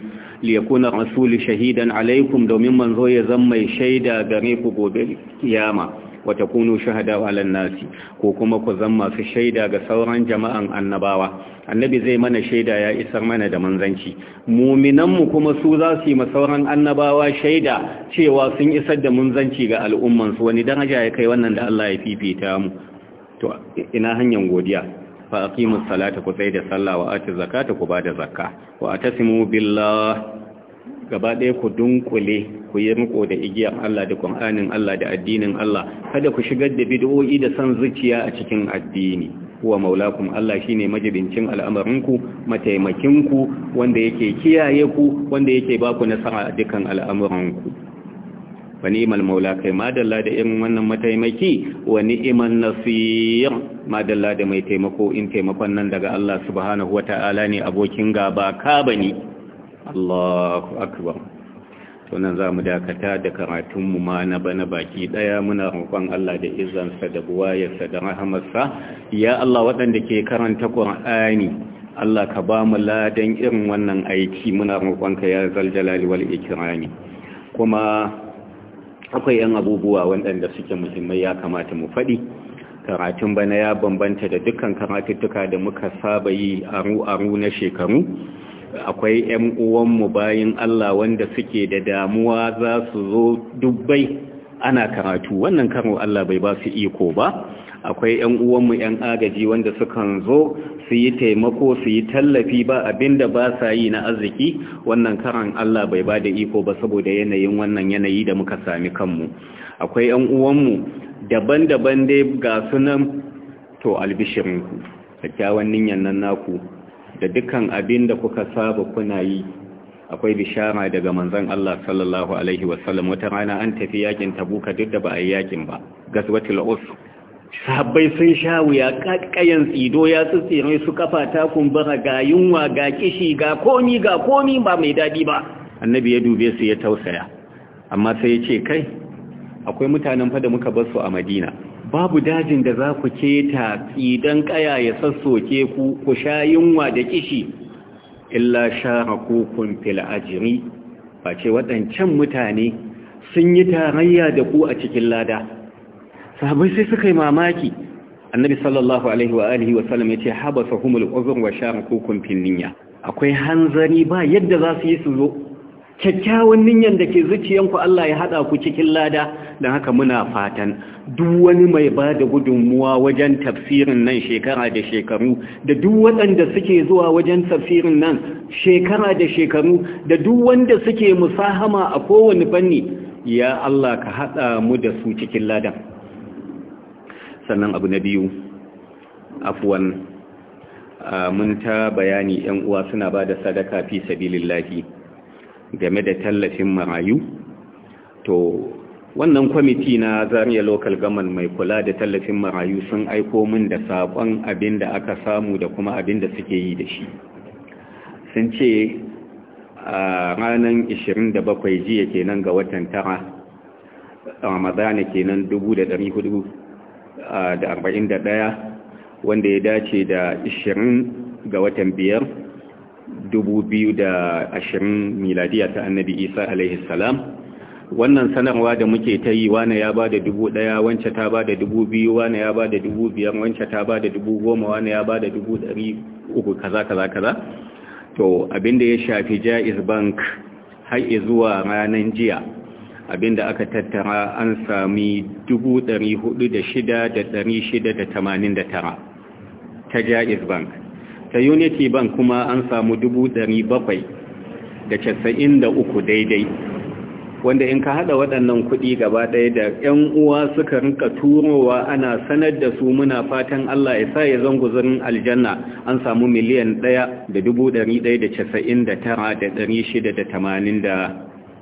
li yakuna rasulu shahidan alaikum domin manzo ya zama mai shaida gare ku gobe kiyama Wata kunu, shahada, wa nasi ko kuma ku zan masu shaida ga sauran jama'an annabawa annabi zai mana shaida ya isar mana da manzanci Muminanmu kuma su za su yi ma sauran annabawa shaida cewa sun isar da manzanci ga al'ummansu. wani daraja ya kai wannan da Allah ya fifita mu to ina hanyar godiya fa aqimus salata ku tsaya da sallah wa atiz zakata ku bada zakka wa atasimu billah gaba ɗaya ku dunkule ku yi riko da igiyar Allah da Qur'anin Allah da addinin Allah kada ku shigar da bid'o'i da san zuciya a cikin addini kuwa maulakun Allah shi ne majibincin al'amarinku mataimakinku wanda yake kiyaye ku wanda yake ba ku nasara a dukan al'amuranku wa ni'mal maula kai madalla da irin wannan mataimaki wa ni'man nasir madalla da mai taimako in taimakon nan daga Allah subhanahu ta'ala ne abokin gaba ka bani Allahu akbar tunan za mu dakata da karatunmu ma na bana baki daya muna roƙon Allah da izansa da buwayarsa da rahamarsa ya Allah waɗanda ke karanta Qur'ani Allah ka ba mu ladan irin wannan aiki muna roƙonka ya zaljalali wal ikrami kuma akwai yan abubuwa waɗanda suke muhimmai ya kamata mu faɗi karatun bana ya bambanta da dukkan karatuttuka da muka saba yi aru-aru na shekaru akwai ‘yan uwanmu bayin Allah wanda suke da damuwa za su zo dubbai ana karatu wannan karo Allah bai ba su iko ba akwai ‘yan uwanmu ‘yan agaji wanda sukan zo su yi taimako su yi tallafi ba abinda ba sa yi na arziki wannan karan Allah bai ba da iko ba saboda yanayin wannan yanayi da muka sami kanmu akwai ‘yan uwanmu daban-daban dai ga sunan to albishirinku kyakkyawan ninyan nan naku da dukkan abin da kuka saba kuna yi akwai bishara daga manzon Allah sallallahu alaihi wasallam wata rana an tafi yakin tabuka duk da ba a yi yakin ba gaswatul us sahabbai sun sha wuya kakkayan tsido ya tsitsirai su kafa ta bara ga yunwa ga kishi ga komi ga komi ba mai dadi ba annabi ya dube su ya tausaya amma sai ya ce kai akwai mutanen fa da muka bar su a madina babu dajin da za ku keta idan kaya ya sassoke ku ku sha yunwa da kishi illa hakukun fil ajri ce waɗancan mutane sun yi tarayya da ku a cikin lada sabai sai suka yi mamaki annabi sallallahu alaihi wa alihi wa sallam yace habasahumul uzur wa sharakukun fil niyya akwai hanzari ba yadda za su yi su zo kyakkyawan niyyar da ke zuciyanku Allah ya haɗa ku cikin lada don haka muna fatan duk wani mai ba da gudunmuwa wajen tafsirin nan shekara da shekaru da duk waɗanda suke zuwa wajen tafsirin nan shekara da shekaru da duk wanda suke musahama a kowane banni, ya Allah ka hada mu da su cikin lada sannan abu na biyu afuwan mun ta bayani yan uwa suna ba da sadaka fi sabilin sabilillahi game da tallafin marayu to wannan kwamiti na zariya local government mai kula da tallafin marayu sun aiko min da saƙon abin da aka samu da kuma abin da suke yi da shi sun ce a ranar 27 jiya kenan ga watan tara ramadana kenan 1441 wanda ya dace da 20 ga watan biyar 2020 miladiya ta annabi isa alaihi salam wannan sanarwa da muke ta yi wane ya ba da dubu ɗaya wance ta ba da dubu biyu wane ya ba da dubu biyar wance ta ba da dubu goma wane ya ba da dubu ɗari uku kaza kaza kaza to abinda ya shafi jaiz bank har zuwa ranar jiya abinda aka tattara an sami dubu ɗari hudu da shida da ɗari shida da tamanin da tara ta jaiz bank ta unity bank kuma an samu dubu bakwai da casa'in da uku daidai wanda in ka hada waɗannan kuɗi gaba ɗaya da 'yan uwa suka rinka turowa ana sanar da su muna fatan Allah ya sa ya zango zurin aljanna an samu miliyan ɗaya da dubu ɗari ɗaya da casa'in da tara da ɗari shida da tamanin da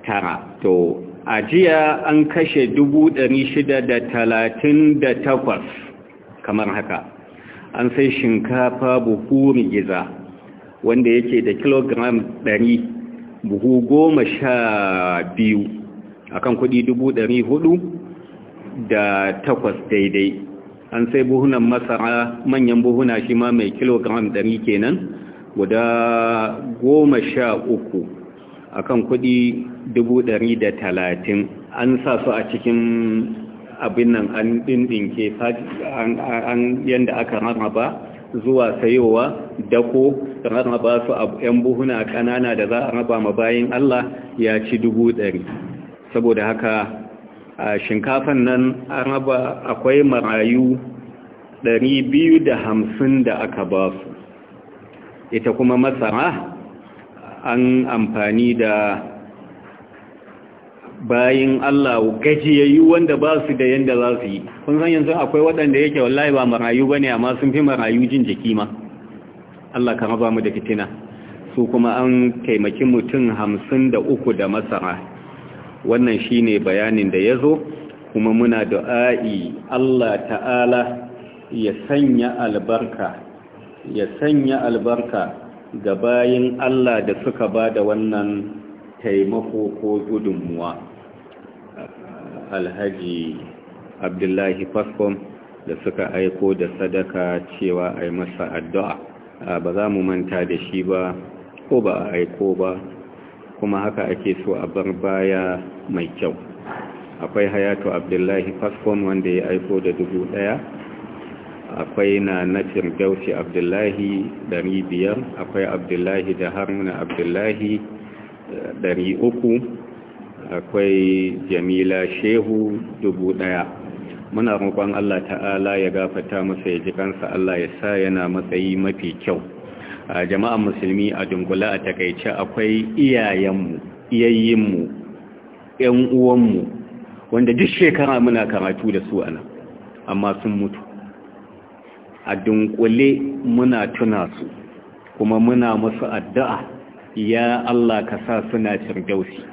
tara to a jiya an kashe dubu ɗari shida da talatin da takwas kamar haka an sai shinkafa buhu rigiza wanda yake da kilogram 100 buhu goma sha biyu a kan kudi dubu ɗari hudu da takwas daidai an sai buhunan masara manyan buhuna shi ma mai kilogram 100 kenan guda goma sha uku a kan kudi dubu ɗari da talatin an sa su a cikin abin nan an dindinke an yanda aka rarraba zuwa sayowa dako rarraba su a 'yan buhuna kanana da za a raba ma bayan Allah ya ci dubu ɗari saboda haka a shinkafan nan an raba akwai marayu ɗari biyu da hamsin da aka ba su ita kuma masara an amfani da bayin Allah gajiyayyu wanda ba su da yanda za su yi kun san yanzu akwai waɗanda yake wallahi ba marayu bane amma sun fi marayu jin jiki ma Allah kan raba mu da fitina su kuma an taimaki mutum hamsin da uku da masara wannan shine bayanin da ya zo kuma muna du'a'i Allah ta'ala ya sanya albarka ya sanya albarka ga bayin Allah da suka ba da wannan taimako ko gudunmuwa alhaji abdullahi fasfom da suka aiko da sadaka cewa a yi masa addu'a ba za mu manta da shi ba ko ba a aiko ba kuma haka ake so a bar baya mai kyau akwai hayatu abdullahi fasfon wanda ya aiko da dubu ɗaya akwai na na firgauci abdullahi biyar akwai abdullahi da haruna abdullahi eh, uku. akwai jamila shehu dubu ɗaya muna roƙon Allah ta'ala ya gafata masa ya ji kansa Allah ya sa yana matsayi mafi kyau a jama'an musulmi a dungula a takaice akwai iyayenmu iyayyinmu ƴan uwanmu wanda duk shekara muna karatu da su anan amma sun mutu a dunkule muna tuna su kuma muna musu addu'a ya Allah ka sa suna cirgausi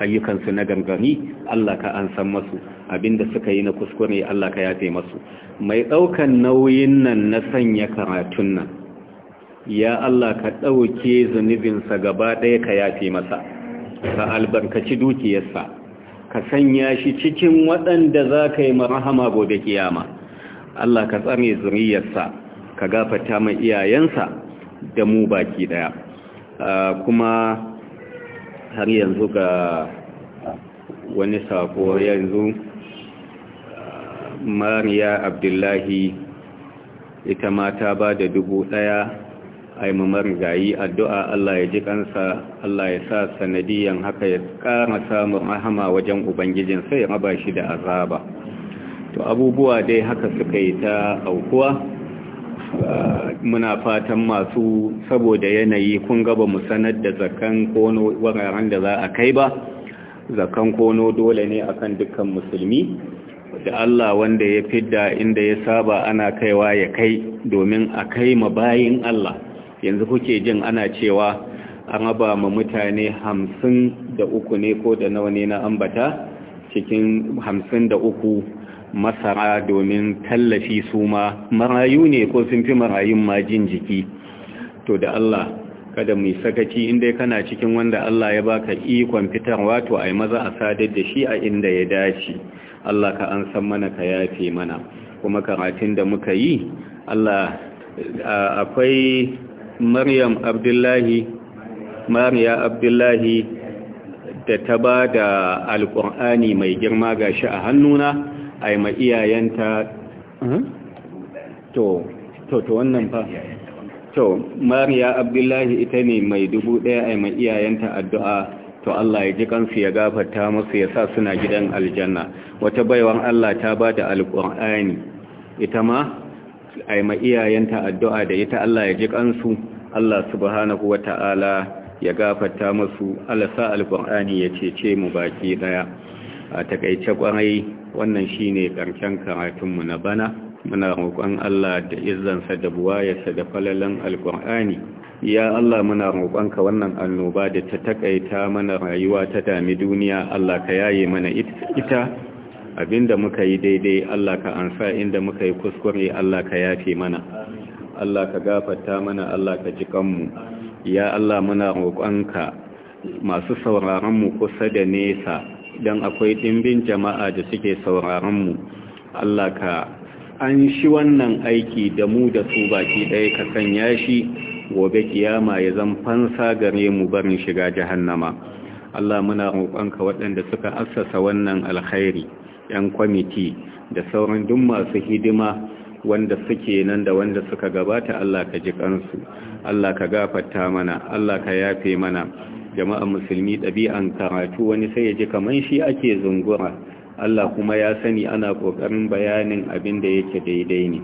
ayyukansu na gangami Allah ka an san masu abinda suka yi na kuskure Allah ka yafe masu mai ɗaukan nauyin nan na sanya karatun nan ya Allah ka ɗauke zunubinsa gaba ɗaya ka yafe masa ka albarkaci dukiyarsa ka sanya shi cikin waɗanda za ka yi marahama gobe kiyama Allah ka tsare zuriyarsa ka gafata mai iyayensa da mu baki ɗaya ah, kuma har yanzu ga wani sako yanzu mariya abdullahi ita ma ta ba da dubu ɗaya a yi marigayi addu'a Allah ya ji kansa Allah ya sa sanadiyan haka ya ƙara samun mahama wajen ubangijin sai ya raba shi da azaba to abubuwa dai haka suka yi ta aukuwa muna fatan masu saboda yanayi kun gaba mu sanar da zakan kono wararen da za a kai ba zakan kono dole ne akan dukkan musulmi da Allah wanda ya fidda inda ya saba ana kaiwa ya kai domin a kai ma bayin Allah yanzu kuke jin ana cewa an raba ma mutane hamsin da uku ne ko da nawa ne na ambata cikin hamsin da uku masara domin tallafi su ma marayu ne ko sun fi marayun majin jiki to da Allah kada mu sakaci inda kana cikin wanda Allah ya baka ikon fitarwa to ai maza a sadar da shi a inda ya dace Allah ka an san mana ka yafe mana kuma karatun da muka yi Allah akwai Maryam Abdullahi Mariya Abdullahi da ta ba da alƙur'ani mai girma gashi a hannuna a yi ma iyayenta mhm. to to to wannan fa to mariya abdullahi ita ne mai dubu ɗaya a yi ma iyayenta addu'a to Allah ya ji kansu ya gafarta musu ya sa suna gidan aljanna wata baiwan Allah ta ba da alƙur'ani ita ma a yi iyayenta addu'a da ita Allah ya ji kansu Allah subhanahu wa ta'ala ya gafarta musu Allah alƙur'ani ya cece mu baki ɗaya a takaice kwarai. wannan shi ne ƙarshen karatunmu na bana muna roƙon Allah da izzansa da buwayarsa da falalan alkur'ani ya Allah muna roƙonka wannan annoba da ta taƙaita mana rayuwa ta dami duniya Allah ka yaye mana ita abinda muka yi daidai Allah ka ansa inda muka yi kuskure Allah ka yafe mana Allah ka gafata mana Allah ka cikanmu. kanmu ya Allah muna roƙonka masu sauraronmu kusa da nesa don akwai ɗimbin jama'a da suke sauraronmu Allah ka an shi wannan aiki da mu da su baki ɗaya ka sanya shi gobe kiyama ya zan fansa gare mu barin shiga jahannama Allah muna roƙonka waɗanda suka assasa wannan alkhairi ‘yan kwamiti da sauran duk masu hidima wanda suke nan da wanda suka gabata Allah ka ji kansu Allah ka gafarta mana Allah ka yafe mana Jama'a musulmi ɗabi'an karatu wani sai ya ji kaman shi ake zungura Allah kuma ya sani ana ƙoƙarin bayanin abin da yake daidai ne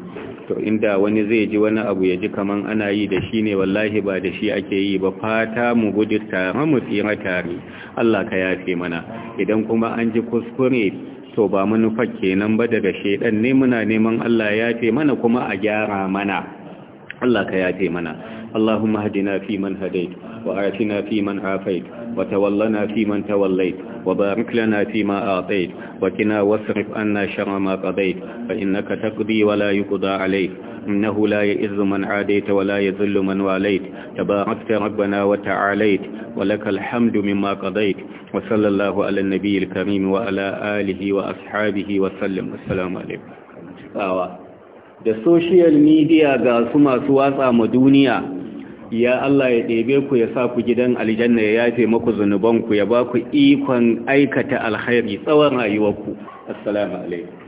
to inda wani zai ji wani abu ya ji kaman ana yi da shi ne wallahi ba da shi ake yi ba fata mu gudu tare mu tsira tare Allah ka yafe mana idan kuma an ji kuskure to ba manufar kenan ba daga shaidan ne muna neman Allah ya yafe mana kuma a gyara mana Allah ka yafe mana اللهم اهدنا فيمن هديت وآتنا فيمن عافيت وتولنا فيمن توليت وبارك لنا فيما أعطيت وكنا واصرف عنا شر ما قضيت فإنك تقضي ولا يقضى عليك إنه لا يئذ من عاديت ولا يذل من واليت تباركت ربنا وتعاليت ولك الحمد مما قضيت وصلى الله على النبي الكريم وعلى آله وأصحابه وسلم والسلام عليكم da social media ga su masu watsa ma duniya ya Allah ya ɗebe ku ya sa ku gidan aljanna ya yafe maku zunubanku ya ba ku ikon aikata alkhairi tsawon rayuwarku assalamu alaikum